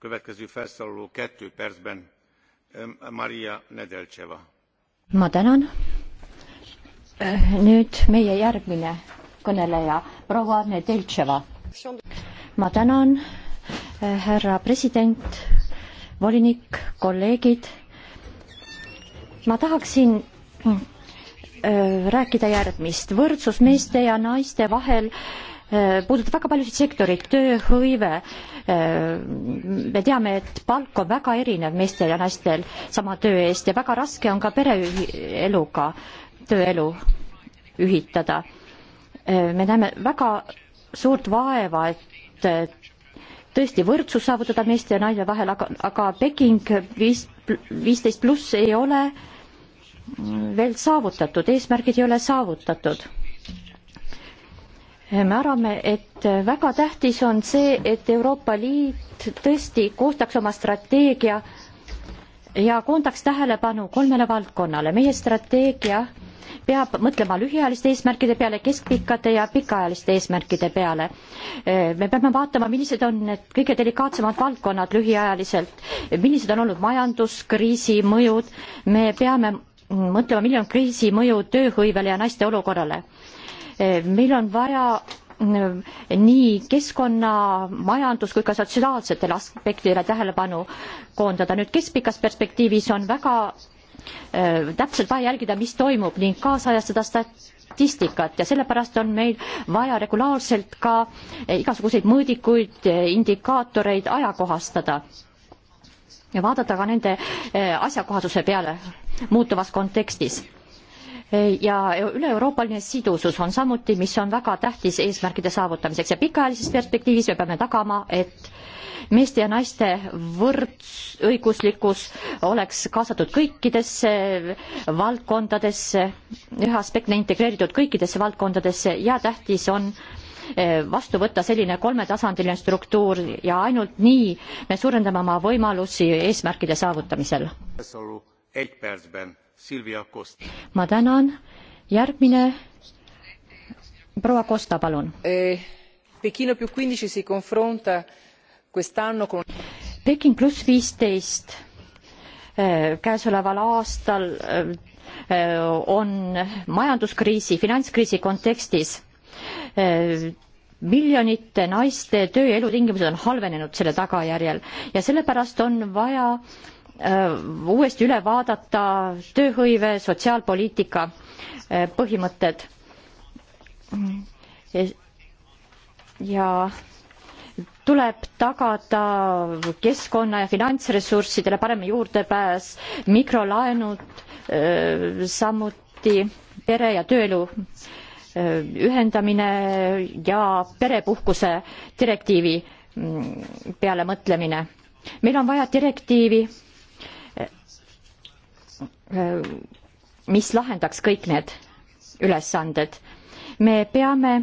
következő felszólaló two percben maria nedelcseva ma tänan. nüüd meie järgmine kõneleja, proua Nedeltševa. ma tänan, härra president, volinik, kolleegid. ma tahaksin äh, rääkida järgmist, võrdsus meeste ja naiste vahel äh, Eh, puudutab väga paljusid sektoreid, tööhõive, eh, me teame, et palk on väga erinev meestel ja naistel sama töö eest ja väga raske on ka pereeluga tööelu ühitada. Eh, me näeme väga suurt vaeva, et tõesti võrdsus saavutada meeste ja naine vahel, aga, aga Peking viis, viisteist pluss ei ole veel saavutatud, eesmärgid ei ole saavutatud me arvame, et väga tähtis on see, et Euroopa Liit tõesti koostaks oma strateegia ja koondaks tähelepanu kolmele valdkonnale. meie strateegia peab mõtlema lühiajaliste eesmärkide peale, keskpikkade ja pikaajaliste eesmärkide peale. me peame vaatama, millised on need kõige delikaatsemad valdkonnad lühiajaliselt, millised on olnud majanduskriisi mõjud, me peame mõtlema, milline on kriisi mõju tööhõivele ja naiste olukorrale Eh, meil on vaja mm, nii keskkonna, majandus kui ka sotsiaalsetele aspektidele tähelepanu koondada. nüüd keskpikas perspektiivis on väga äh, täpselt vaja jälgida, mis toimub ning kaasajastada statistikat ja sellepärast on meil vaja regulaarselt ka eh, igasuguseid mõõdikuid, indikaatoreid ajakohastada ja vaadata ka nende äh, asjakohasuse peale muutuvas kontekstis ja üle-euroopaline sidusus on samuti, mis on väga tähtis eesmärkide saavutamiseks ja pikaajalises perspektiivis me peame tagama, et meeste ja naiste võrdõiguslikkus oleks kaasatud kõikidesse valdkondadesse, ühe aspektina integreeritud kõikidesse valdkondadesse ja tähtis on eh, vastu võtta selline kolmetasandiline struktuur ja ainult nii me suurendame oma võimalusi eesmärkide saavutamisel ma tänan, järgmine, proua Costa, palun eh,. Pechino più quindici si confronta quest'anno con Peking pluss viisteist e, käesoleval aastal e, e, on majanduskriisi, finantskriisi kontekstis miljonite naiste töö ja elutingimused on halvenenud selle tagajärjel ja sellepärast on vaja Äh, uuesti üle vaadata tööhõive, sotsiaalpoliitika äh, põhimõtted. ja tuleb tagada keskkonna ja finantsressurssidele parem juurdepääs, mikrolaenud, äh, samuti pere ja tööelu ühendamine ja perepuhkuse direktiivi mm, peale mõtlemine. meil on vaja direktiivi mis lahendaks kõik need ülesanded. me peame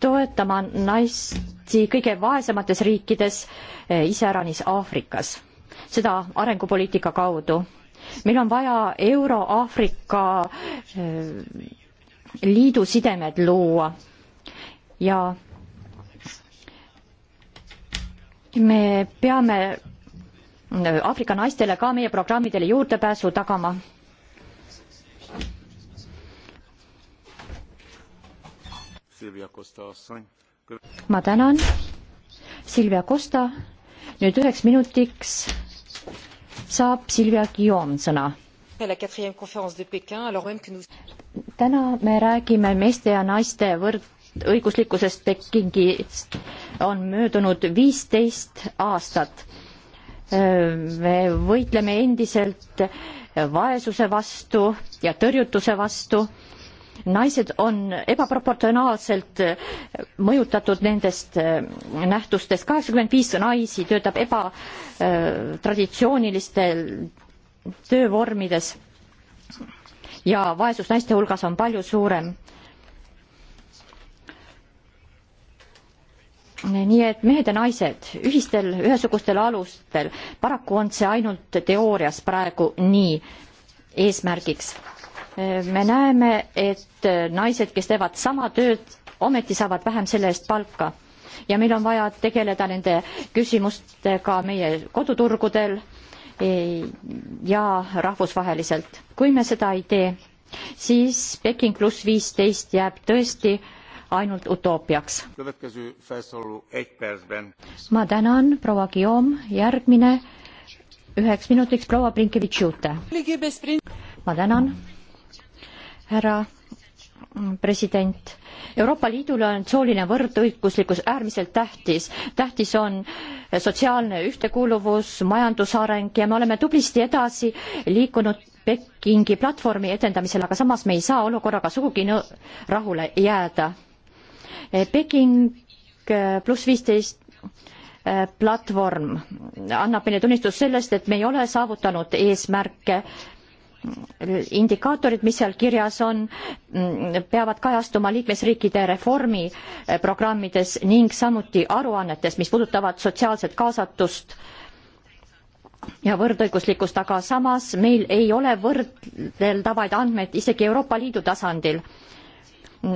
toetama naisi kõige vaesemates riikides, iseäranis Aafrikas, seda arengupoliitika kaudu. meil on vaja Euro-Aafrika liidu sidemed luua ja me peame Aafrika naistele ka meie programmidele juurdepääsu tagama. ma tänan. Silvia Costa, nüüd üheks minutiks saab Silvia Guillaume sõna. täna me räägime meeste ja naiste võrdõiguslikkusest Pekingist on möödunud viisteist aastat me võitleme endiselt vaesuse vastu ja tõrjutuse vastu. naised on ebaproportsionaalselt mõjutatud nendest äh, nähtustest, kaheksakümmend viis naisi töötab ebatraditsioonilistel äh, töövormides ja vaesus naiste hulgas on palju suurem nii et mehed ja naised ühistel ühesugustel alustel, paraku on see ainult teoorias praegu nii eesmärgiks. me näeme, et naised, kes teevad sama tööd, ometi saavad vähem selle eest palka ja meil on vaja tegeleda nende küsimustega meie koduturgudel ja rahvusvaheliselt. kui me seda ei tee, siis Peking pluss viisteist jääb tõesti äh, ainult utoopiaks. ma tänan, proua Guillaume, järgmine üheks minutiks proua Brinkevitš-Jute. ma tänan, härra president. Euroopa Liidule on sooline võrdõiguslikkus äärmiselt tähtis. tähtis on sotsiaalne ühtekuuluvus, majandusareng ja me oleme tublisti edasi liikunud Pekingi platvormi edendamisel, aga samas me ei saa olukorraga sugugi rahule jääda Eh, Peking eh, pluss viisteist eh, platvorm annab meile tunnistust sellest, et me ei ole saavutanud eesmärke. indikaatorid, mis seal kirjas on, mm, peavad kajastuma liikmesriikide reformiprogrammides ning samuti aruannetes, mis puudutavad sotsiaalset kaasatust ja võrdõiguslikkust, aga samas meil ei ole võrdeldavaid andmeid isegi Euroopa Liidu tasandil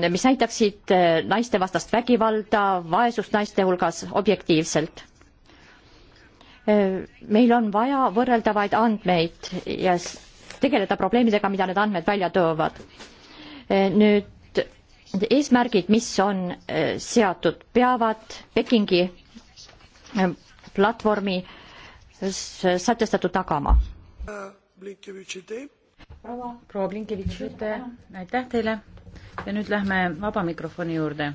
mis näitaksid äh, naistevastast vägivalda, vaesust naiste hulgas objektiivselt. Äh, meil on vaja võrreldavaid andmeid ja tegeleda probleemidega, mida need andmed välja toovad. Äh, nüüd eesmärgid, mis on seatud, peavad Pekingi platvormi sätestatu tagama. Blinkevitši teeb proua Blinkevitš, aitäh teile ja nüüd lähme vaba mikrofoni juurde.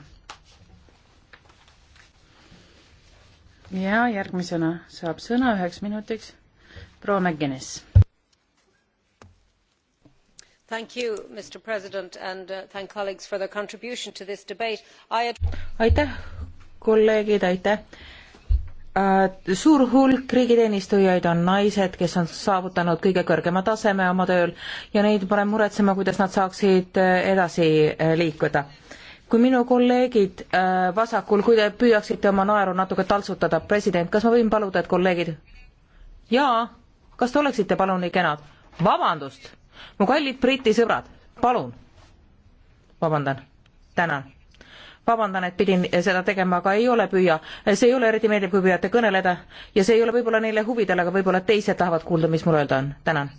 ja järgmisena saab sõna üheks minutiks proua McGuinness. mr president and uh, thank colleagues for their contribution to this debate. aitäh kolleegid aitäh Äh, suur hulk riigiteenistujaid on naised, kes on saavutanud kõige kõrgema taseme oma tööl ja neid paneb muretsema, kuidas nad saaksid äh, edasi äh, liikuda. kui minu kolleegid vasakul, kui te püüaksite oma naeru natuke taltsutada, president, kas ma võin paluda, et kolleegid? jaa, kas te oleksite palun nii kenad? vabandust, mu kallid Briti sõbrad, palun. vabandan, tänan vabandan, et pidin seda tegema, aga ei ole püüa, see ei ole eriti meeldiv, kui püüate kõneleda ja see ei ole võib-olla neile huvidel, aga võib-olla teised tahavad kuulda, mis mul öelda on. tänan.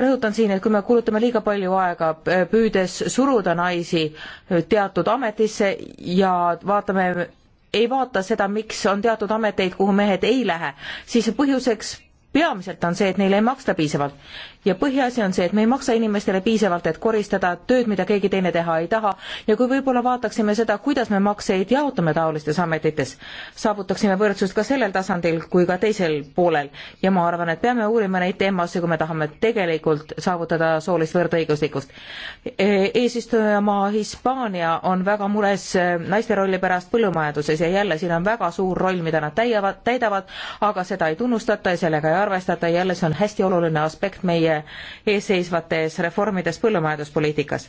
rõhutan siin, et kui me kulutame liiga palju aega äh, püüdes suruda naisi äh, teatud ametisse ja vaatame ei vaata seda, miks on teatud ameteid, kuhu mehed ei lähe, siis põhjuseks peamiselt on see, et neile ei maksta piisavalt. ja põhiasi on see, et me ei maksa inimestele piisavalt, et koristada tööd, mida keegi teine teha ei taha ja kui võib-olla vaataksime seda, kuidas me makseid jaotame taolistes ametites, saavutaksime võrdsust ka sellel tasandil kui ka teisel poolel ja ma arvan, et peame uurima neid teemasid, kui me tahame tegelikult saavutada soolist võrdõiguslikkust e. eesistujamaa Hispaania on väga mures e, naiste rolli pärast põllumajanduses ja jälle siin on väga suur roll, mida nad täiavad, täidavad, aga seda ei tunnustata ja sellega ei arvestada, jälle see on hästi oluline aspekt meie eesseisvates reformides põllumajanduspoliitikas.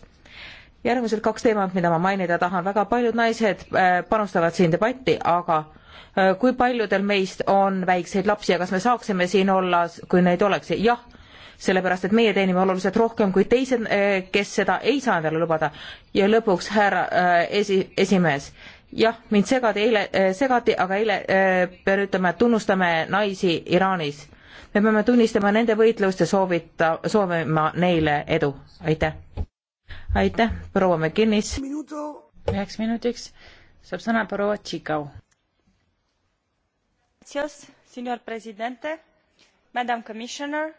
järgmised kaks teemat, mida ma mainida tahan, väga paljud naised äh, panustavad siin debatti, aga äh, kui paljudel meist on väikseid lapsi ja kas me saaksime siin olla, kui neid oleks, jah sellepärast et meie teenime oluliselt rohkem kui teised, äh, kes seda ei saa endale lubada. ja lõpuks härra esi, esimees, jah, mind segati eile, segati, aga eile pean ütlema, et tunnustame naisi Iraanis me peame tunnistama nende võitlust ja soovita, soovima neile edu. aitäh. aitäh, proua McKinnis. üheks minutiks saab sõna proua Tšikau. Senor presidente, madam commissioner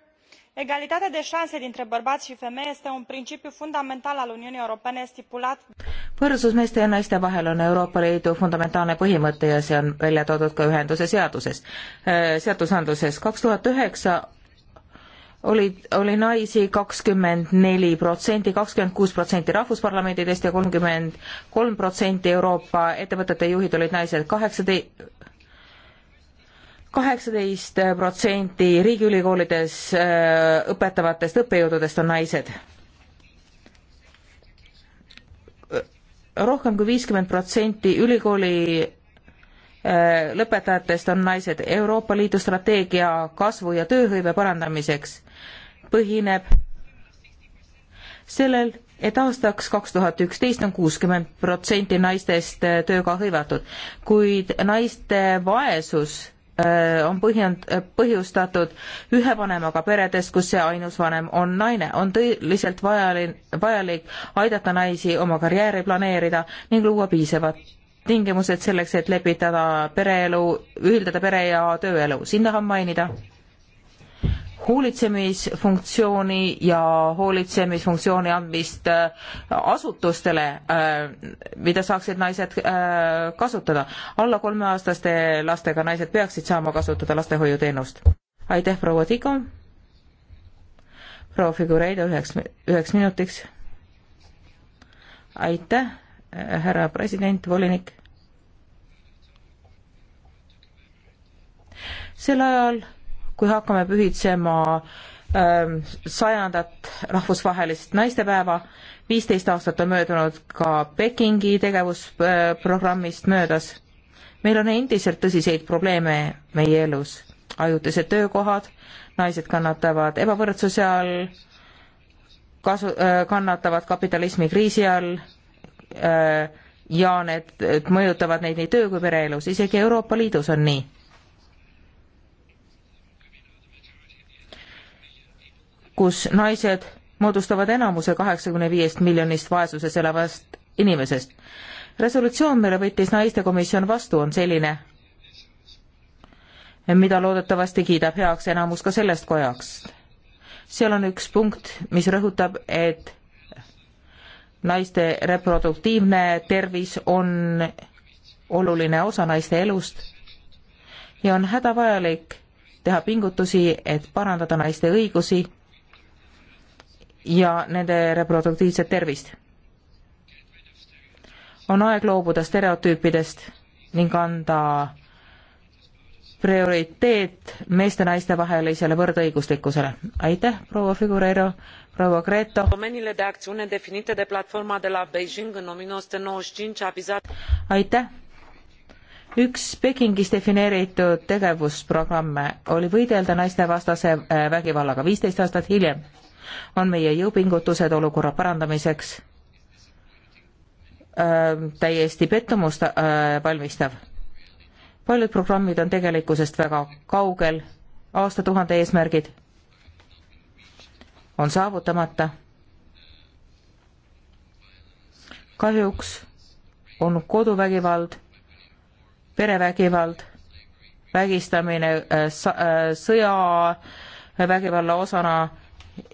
egalitatea de anse dintre bărbai i femei este un principiu fundamental al uniunii europene stipulat võrdsus meeste ja naiste vahel on euroopa liidu fundamentaalne põhimõte ja see on välja toodud ka ühenduse seaduses e, seadusandluses kaks tuhat üheksa olid, oli naisi kakskümmend neli protsenti, kakskümmend kuus protsenti rahvusparlamentidest ja kolmkümmend kolm protsenti Euroopa ettevõtete juhid olid naised, kaheksate-, kaheksateist protsenti riigiülikoolides äh, õpetavatest õppejõududest on naised. rohkem kui viiskümmend protsenti ülikooli äh, lõpetajatest on naised. Euroopa Liidu strateegia kasvu ja tööhõive parandamiseks põhineb sellel, et aastaks kaks tuhat üksteist on kuuskümmend protsenti naistest tööga hõivatud, kuid naiste vaesus Äh, on põhjend-, äh, põhjustatud ühe vanemaga peredes, kus see ainus vanem on naine. on tõeliselt vajalik, vajalik aidata naisi oma karjääri planeerida ning luua piisavad tingimused selleks, et lepitada pereelu, ühildada pere ja tööelu. siin tahan mainida hoolitsemisfunktsiooni ja hoolitsemisfunktsiooni andmist äh, asutustele, äh, mida saaksid naised äh, kasutada. alla kolmeaastaste lastega naised peaksid saama kasutada lastehoiuteenust. aitäh, proua Tigo. proua Figureido üheks, üheks minutiks. aitäh, härra president, volinik. sel ajal kui hakkame pühitsema ähm, sajandat rahvusvahelist naistepäeva, viisteist aastat on möödunud ka Pekingi tegevusprogrammist möödas. meil on endiselt tõsiseid probleeme meie elus, ajutised töökohad, naised kannatavad ebavõrdsuse all, kasu, äh, kannatavad kapitalismi kriisi all äh, ja need mõjutavad neid nii töö kui pereelus, isegi Euroopa Liidus on nii kus naised moodustavad enamuse kaheksakümne viiest miljonist vaesuses elavast inimesest. resolutsioon, mille võttis naistekomisjon vastu, on selline, mida loodetavasti kiidab heaks enamus ka sellest kojaks. seal on üks punkt, mis rõhutab, et naiste reproduktiivne tervis on oluline osa naiste elust ja on hädavajalik teha pingutusi, et parandada naiste õigusi ja nende reproduktiivset tervist. on aeg loobuda stereotüüpidest ning anda prioriteet meeste-naiste vahelisele võrdõiguslikkusele. aitäh, proua Figureiro, proua Greto. aitäh. üks Pekingis defineeritud tegevusprogramme oli võidelda naistevastase äh, vägivallaga viisteist aastat hiljem on meie jõupingutused olukorra parandamiseks äh, täiesti pettumust äh, valmistav. paljud programmid on tegelikkusest väga kaugel, aastatuhande eesmärgid on saavutamata. kahjuks on koduvägivald, perevägivald, vägistamine äh, äh, sõjavägivalla osana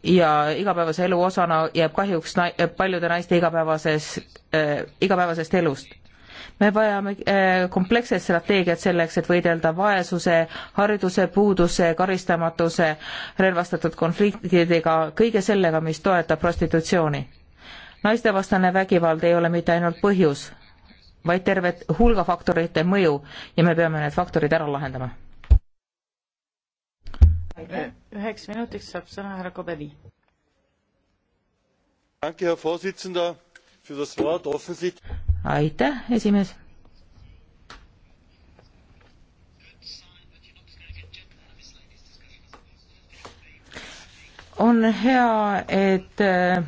ja igapäevase elu osana jääb kahjuks na äh, paljude naiste igapäevases äh,, igapäevasest elust. me vajame äh, kompleksset strateegiat selleks, et võidelda vaesuse, hariduse puuduse, karistamatuse, relvastatud konfliktidega, kõige sellega, mis toetab prostitutsiooni. naistevastane vägivald ei ole mitte ainult põhjus, vaid terve hulga faktorite mõju ja me peame need faktorid ära lahendama üheks minutiks saab sõna härra Kobeli. aitäh, esimees. on hea, et äh,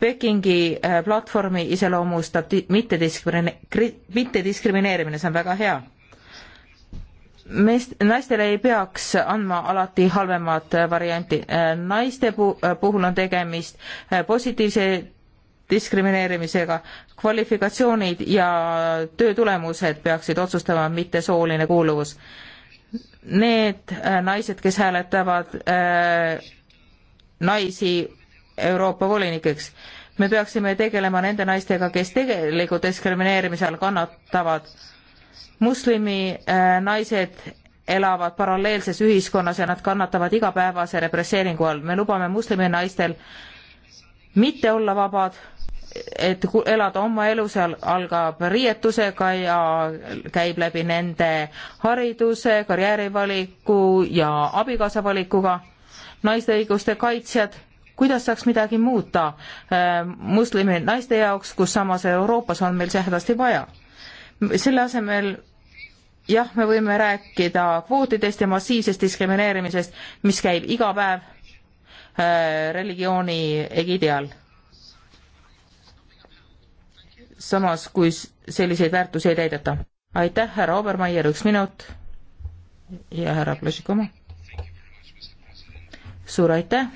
Pekingi äh, platvormi iseloomustab mittediskrimineerimine, mittediskrimineerimine, see on väga hea meest, naistele ei peaks andma alati halvemat äh, varianti. Äh, naiste äh, puhul on tegemist positiivse diskrimineerimisega, kvalifikatsioonid ja töö tulemused peaksid otsustama, mitte sooline kuuluvus. Need naised, kes hääletavad naisi Euroopa volinikeks, me peaksime tegelema nende naistega, kes tegelikult diskrimineerimise all kannatavad äh, muslimi äh, naised elavad paralleelses ühiskonnas ja nad kannatavad igapäevase represseeringu all. me lubame muslimi naistel mitte olla vabad, et elada oma elu, seal algab riietusega ja käib läbi nende hariduse, karjäärivaliku ja abikaasa valikuga. naiste õiguste kaitsjad, kuidas saaks midagi muuta äh, muslimi naiste jaoks, kus samas Euroopas on meil see hädasti vaja? selle asemel jah, me võime rääkida kvootidest ja massiivsest diskrimineerimisest, mis käib iga päev äh, religiooni egiidi all. samas, kui selliseid väärtusi ei täideta. aitäh, härra Obermeier, üks minut. ja härra Plašikova. suur aitäh,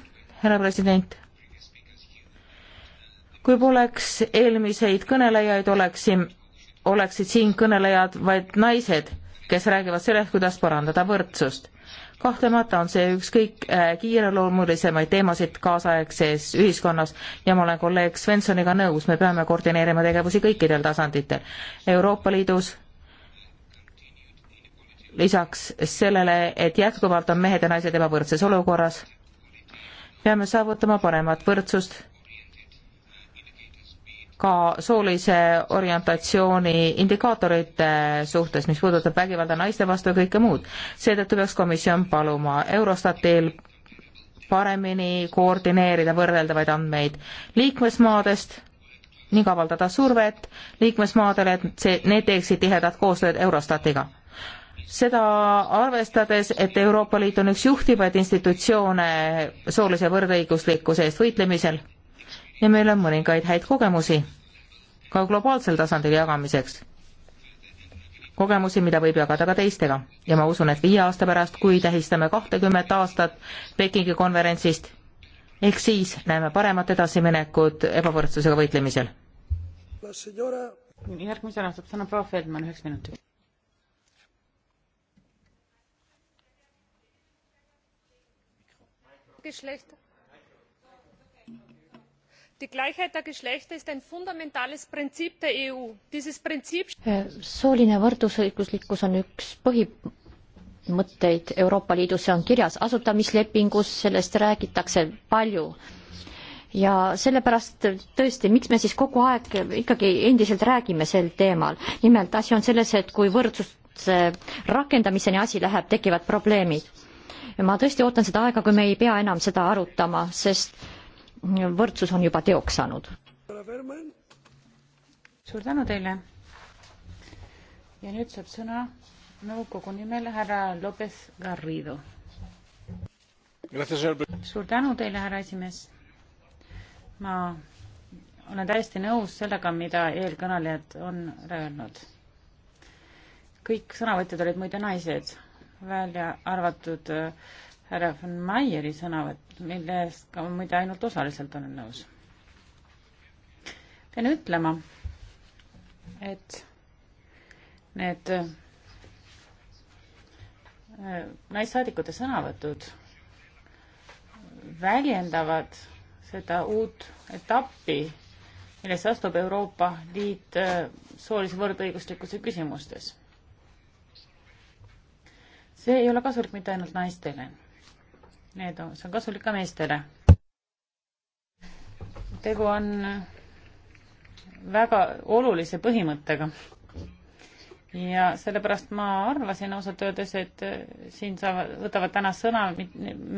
härra president kui poleks eelmiseid kõnelejaid, oleksin oleksid siinkõnelejad vaid naised, kes räägivad sellest, kuidas parandada võrdsust. kahtlemata on see üks kõik äh, kiireloomulisemaid teemasid kaasaegses ühiskonnas ja ma olen kolleeg Svenssoniga nõus, me peame koordineerima tegevusi kõikidel tasanditel. Euroopa Liidus lisaks sellele, et jätkuvalt on mehed ja naised ebavõrdses olukorras, peame saavutama paremat võrdsust ka soolise orientatsiooni indikaatorite suhtes, mis puudutab vägivalda naiste vastu ja kõike muud. seetõttu peaks komisjon paluma Eurostatil paremini koordineerida võrreldavaid andmeid liikmesmaadest ning avaldada survet liikmesmaadele, et see, need teeksid tihedat koostööd Eurostatiga seda arvestades, et Euroopa Liit on üks juhtivaid institutsioone soolise võrdõiguslikkuse eest võitlemisel ja meil on mõningaid häid kogemusi ka globaalsel tasandil jagamiseks. kogemusi, mida võib jagada ka teistega ja ma usun, et viie aasta pärast, kui tähistame kahtekümmet aastat Pekingi konverentsist, ehk siis näeme paremat edasiminekut ebavõrdsusega võitlemisel. järgmisena saab sõna proua Feldman üheks minutiks. geschlechter die gleichheit der geschlechter ist ein fundamentales prinzip der eu. dieses prinzip äh, sooline võrdusõiguslikkus on üks põhimõtteid euroopa liidus see on kirjas asutamislepingus sellest räägitakse palju ja sellepärast tõesti miks me siis kogu aeg ikkagi endiselt räägime sel teemal nimelt asi on selles et kui võrdsuse rakendamiseni asi läheb tekivad probleemid ma tõesti ootan seda aega kui me ei pea enam seda arutama sest võrdsus on juba teoks saanud. suur tänu teile. ja nüüd saab sõna nõukogu nimel härra Lopez Garrido. suur tänu teile, härra esimees. ma olen täiesti nõus sellega, mida eelkõnelejad on öelnud. kõik sõnavõtjad olid muide naised, välja arvatud äh, härra von Meieri sõnavõtt, millest ka muide ainult osaliselt olen nõus. pean ütlema, et need äh, naissaadikute sõnavõtud väljendavad seda uut etappi, millesse astub Euroopa Liit äh, soolise võrdõiguslikkuse küsimustes. see ei ole kasulik mitte ainult naistele Need on, see on kasulik ka meestele. tegu on väga olulise põhimõttega. ja sellepärast ma arvasin ausalt öeldes, et siin saavad, võtavad täna sõna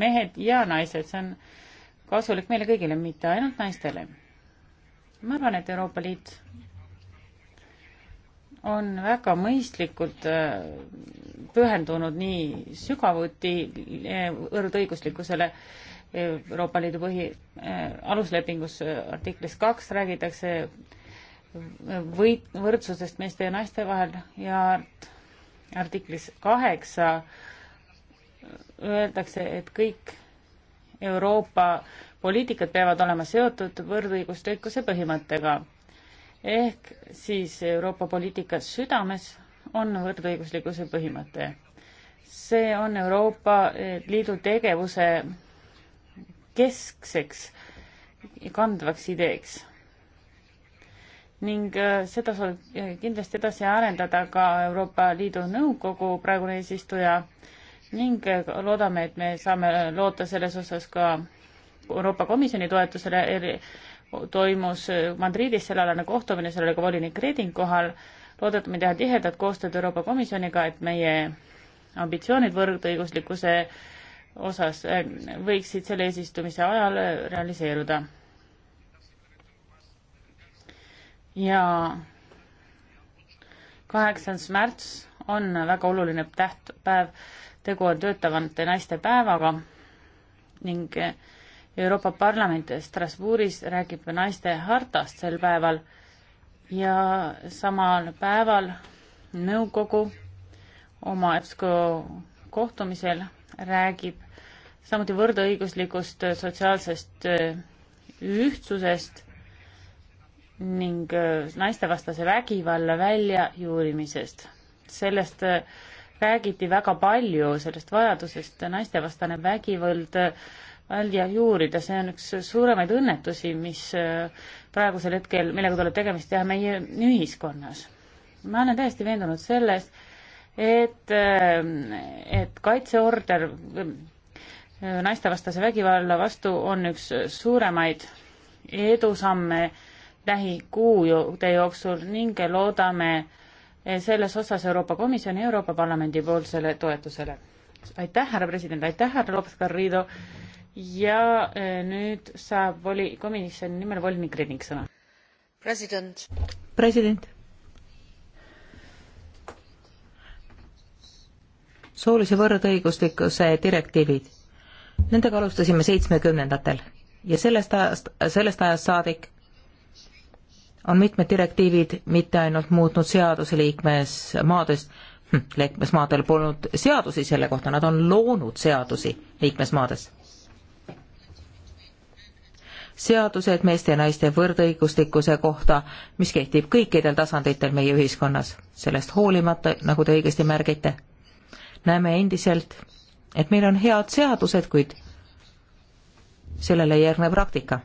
mehed ja naised, see on kasulik meile kõigile, mitte ainult naistele. ma arvan, et Euroopa Liit on väga mõistlikult äh, pühendunud nii sügavuti äh, võrdõiguslikkusele Euroopa Liidu põhi äh, aluslepingus artiklis kaks räägitakse võit, võrdsusest meeste ja naiste vahel ja artiklis kaheksa öeldakse, et kõik Euroopa poliitikad peavad olema seotud võrdõiguslikkuse põhimõttega ehk siis Euroopa poliitika südames on võrdõiguslikkuse põhimõte. see on Euroopa eh, Liidu tegevuse keskseks kandvaks ideeks. ning eh, seda soovib eh, kindlasti edasi arendada ka Euroopa Liidu Nõukogu praegune eesistuja ning loodame, et me saame loota selles osas ka Euroopa Komisjoni toetusele toimus Madridis sellealane kohtumine, seal oli ka volinik Reding kohal, loodetame teha tihedat koostööd Euroopa Komisjoniga, et meie ambitsioonid võrdõiguslikkuse osas äh, võiksid selle eesistumise ajal realiseeruda. ja kaheksas märts on väga oluline tähtpäev, tegu on töötavate naiste päevaga ning äh, Euroopa Parlament Strasbourgis räägib naiste hartast sel päeval ja samal päeval nõukogu oma EBSCO kohtumisel räägib samuti võrdõiguslikust sotsiaalsest ühtsusest ning naistevastase vägivalla väljajuurimisest. sellest räägiti väga palju, sellest vajadusest, naistevastane vägivald välja juurida, see on üks suuremaid õnnetusi, mis äh, praegusel hetkel, millega tuleb tegemist teha meie ühiskonnas. ma olen täiesti veendunud selles, et, äh, et kaitseorder äh, naistevastase vägivalla vastu on üks suuremaid edusamme lähikuude jooksul ning loodame selles osas Euroopa Komisjoni ja Euroopa Parlamendi poolsele toetusele. aitäh, härra president, aitäh, härra Lopez-Garrido ja eh, nüüd saab voli, komisjoni nimel volinik Reding sõna. president. president. soolise võrdõiguslikkuse direktiivid, nendega alustasime seitsmekümnendatel ja sellest ajast, sellest ajast saadik on mitmed direktiivid mitte ainult muutnud seaduse liikmesmaadest, hm, liikmesmaadel polnud seadusi selle kohta, nad on loonud seadusi liikmesmaades seadused meeste ja naiste võrdõiguslikkuse kohta, mis kehtib kõikidel tasanditel meie ühiskonnas. sellest hoolimata, nagu te õigesti märgite, näeme endiselt, et meil on head seadused, kuid sellele ei järgne praktika.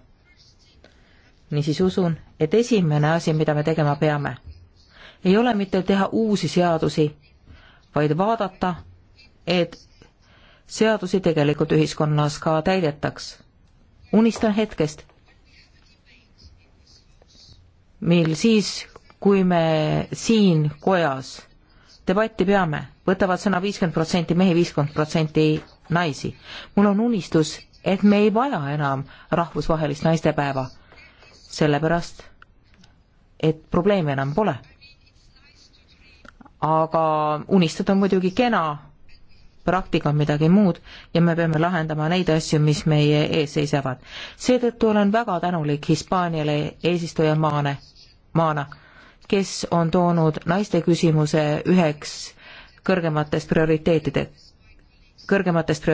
niisiis usun, et esimene asi, mida me tegema peame, ei ole mitte teha uusi seadusi, vaid vaadata, et seadusi tegelikult ühiskonnas ka täidetaks unistan hetkest, mil siis, kui me siin kojas debatti peame, võtavad sõna viiskümmend protsenti mehi, viiskümmend protsenti naisi. mul on unistus, et me ei vaja enam rahvusvahelist naistepäeva, sellepärast et probleemi enam pole. aga unistada on muidugi kena praktika on midagi muud ja me peame lahendama neid asju, mis meie ees seisavad. seetõttu olen väga tänulik Hispaaniale eesistujamaane, maana, kes on toonud naiste küsimuse üheks kõrgematest prioriteetidest kõrgematest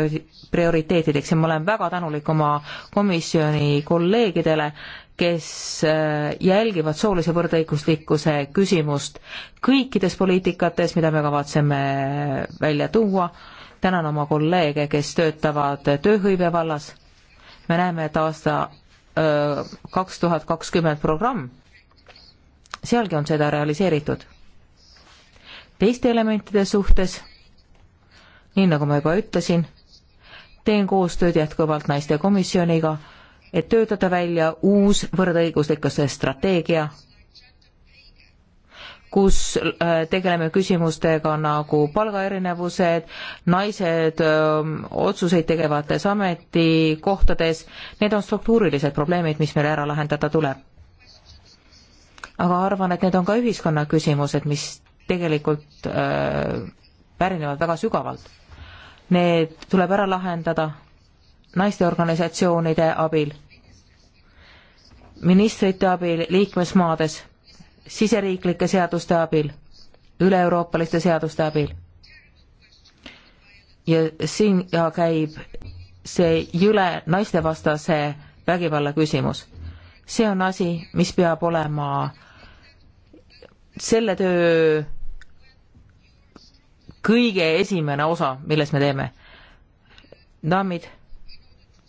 prioriteetideks ja ma olen väga tänulik oma komisjoni kolleegidele, kes äh, jälgivad soolise võrdõiguslikkuse küsimust kõikides poliitikates, mida me kavatseme välja tuua tänan oma kolleege, kes töötavad tööhõive vallas. me näeme, et aasta kaks tuhat kakskümmend programm, sealgi on seda realiseeritud. teiste elementide suhtes, nii nagu ma juba ütlesin, teen koostööd jätkuvalt naistekomisjoniga, et töötada välja uus võrdõiguslikkuse strateegia kus äh, tegeleme küsimustega nagu palgaerinevused, naised öö, ähm, otsuseid tegevates ametikohtades, need on struktuurilised probleemid, mis meil ära lahendada tuleb. aga arvan, et need on ka ühiskonna küsimused, mis tegelikult öö, äh, pärinevad väga sügavalt. Need tuleb ära lahendada naisteorganisatsioonide abil, ministrite abil liikmesmaades siseriiklike seaduste abil, üle-euroopaliste seaduste abil. ja siin ja käib see jõle naistevastase vägivalla küsimus. see on asi, mis peab olema selle töö kõige esimene osa, milles me teeme. daamid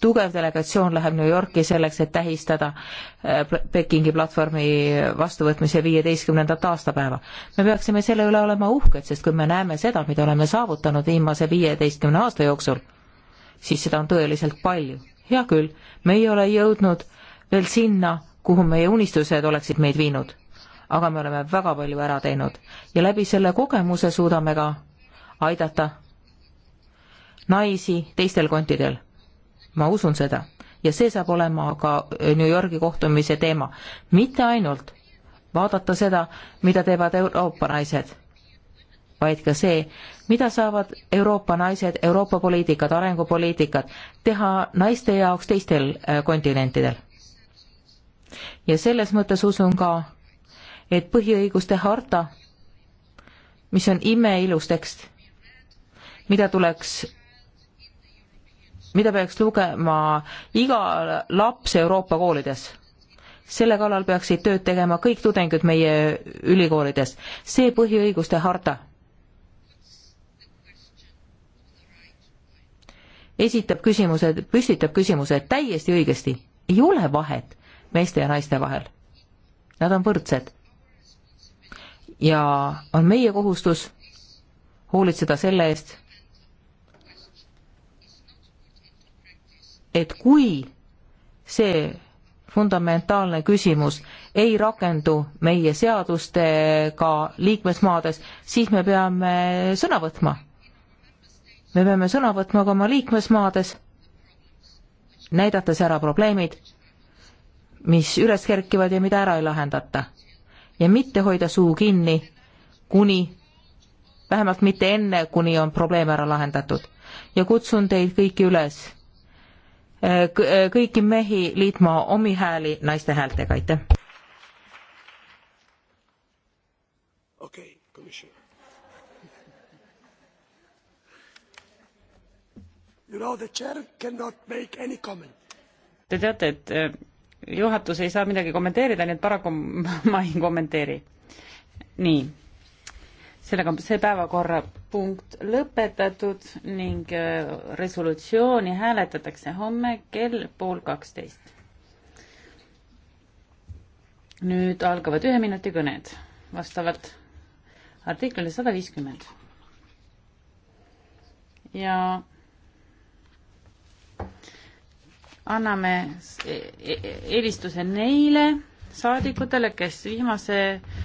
tugev delegatsioon läheb New Yorki selleks, et tähistada äh, Pekingi platvormi vastuvõtmise viieteistkümnendat aastapäeva. me peaksime selle üle olema uhked, sest kui me näeme seda, mida oleme saavutanud viimase viieteistkümne aasta jooksul, siis seda on tõeliselt palju. hea küll, me ei ole jõudnud veel sinna, kuhu meie unistused oleksid meid viinud, aga me oleme väga palju ära teinud ja läbi selle kogemuse suudame ka aidata naisi teistel kontidel ma usun seda. ja see saab olema ka New Yorgi kohtumise teema. mitte ainult vaadata seda, mida teevad Euroopa naised, vaid ka see, mida saavad Euroopa naised, Euroopa poliitikad, arengupoliitikad teha naiste jaoks teistel äh, kontinentidel. ja selles mõttes usun ka, et põhiõiguste harta, mis on imeilus tekst, mida tuleks mida peaks lugema iga laps Euroopa koolides. selle kallal peaksid tööd tegema kõik tudengid meie ülikoolides. see põhiõiguste harta esitab küsimused, püstitab küsimused täiesti õigesti. ei ole vahet meeste ja naiste vahel. Nad on võrdsed. ja on meie kohustus hoolitseda selle eest, et kui see fundamentaalne küsimus ei rakendu meie seadustega liikmesmaades, siis me peame sõna võtma. me peame sõna võtma ka oma liikmesmaades, näidates ära probleemid, mis üles kerkivad ja mida ära ei lahendata. ja mitte hoida suu kinni, kuni, vähemalt mitte enne, kuni on probleem ära lahendatud. ja kutsun teid kõiki üles Äh, äh, kõiki mehi liitma omi hääli naiste häältega, aitäh. okei okay,, komisjon. You know the chair cannot make any comment. Te teate, et äh, juhatus ei saa midagi kommenteerida, nii et paraku [LAUGHS] ma ei kommenteeri. nii sellega on see päevakorrapunkt lõpetatud ning äh, resolutsiooni hääletatakse homme kell pool kaksteist. nüüd algavad ühe minuti kõned vastavalt artiklile sada viiskümmend. ja anname e- e- e- eelistuse neile saadikutele, kes viimase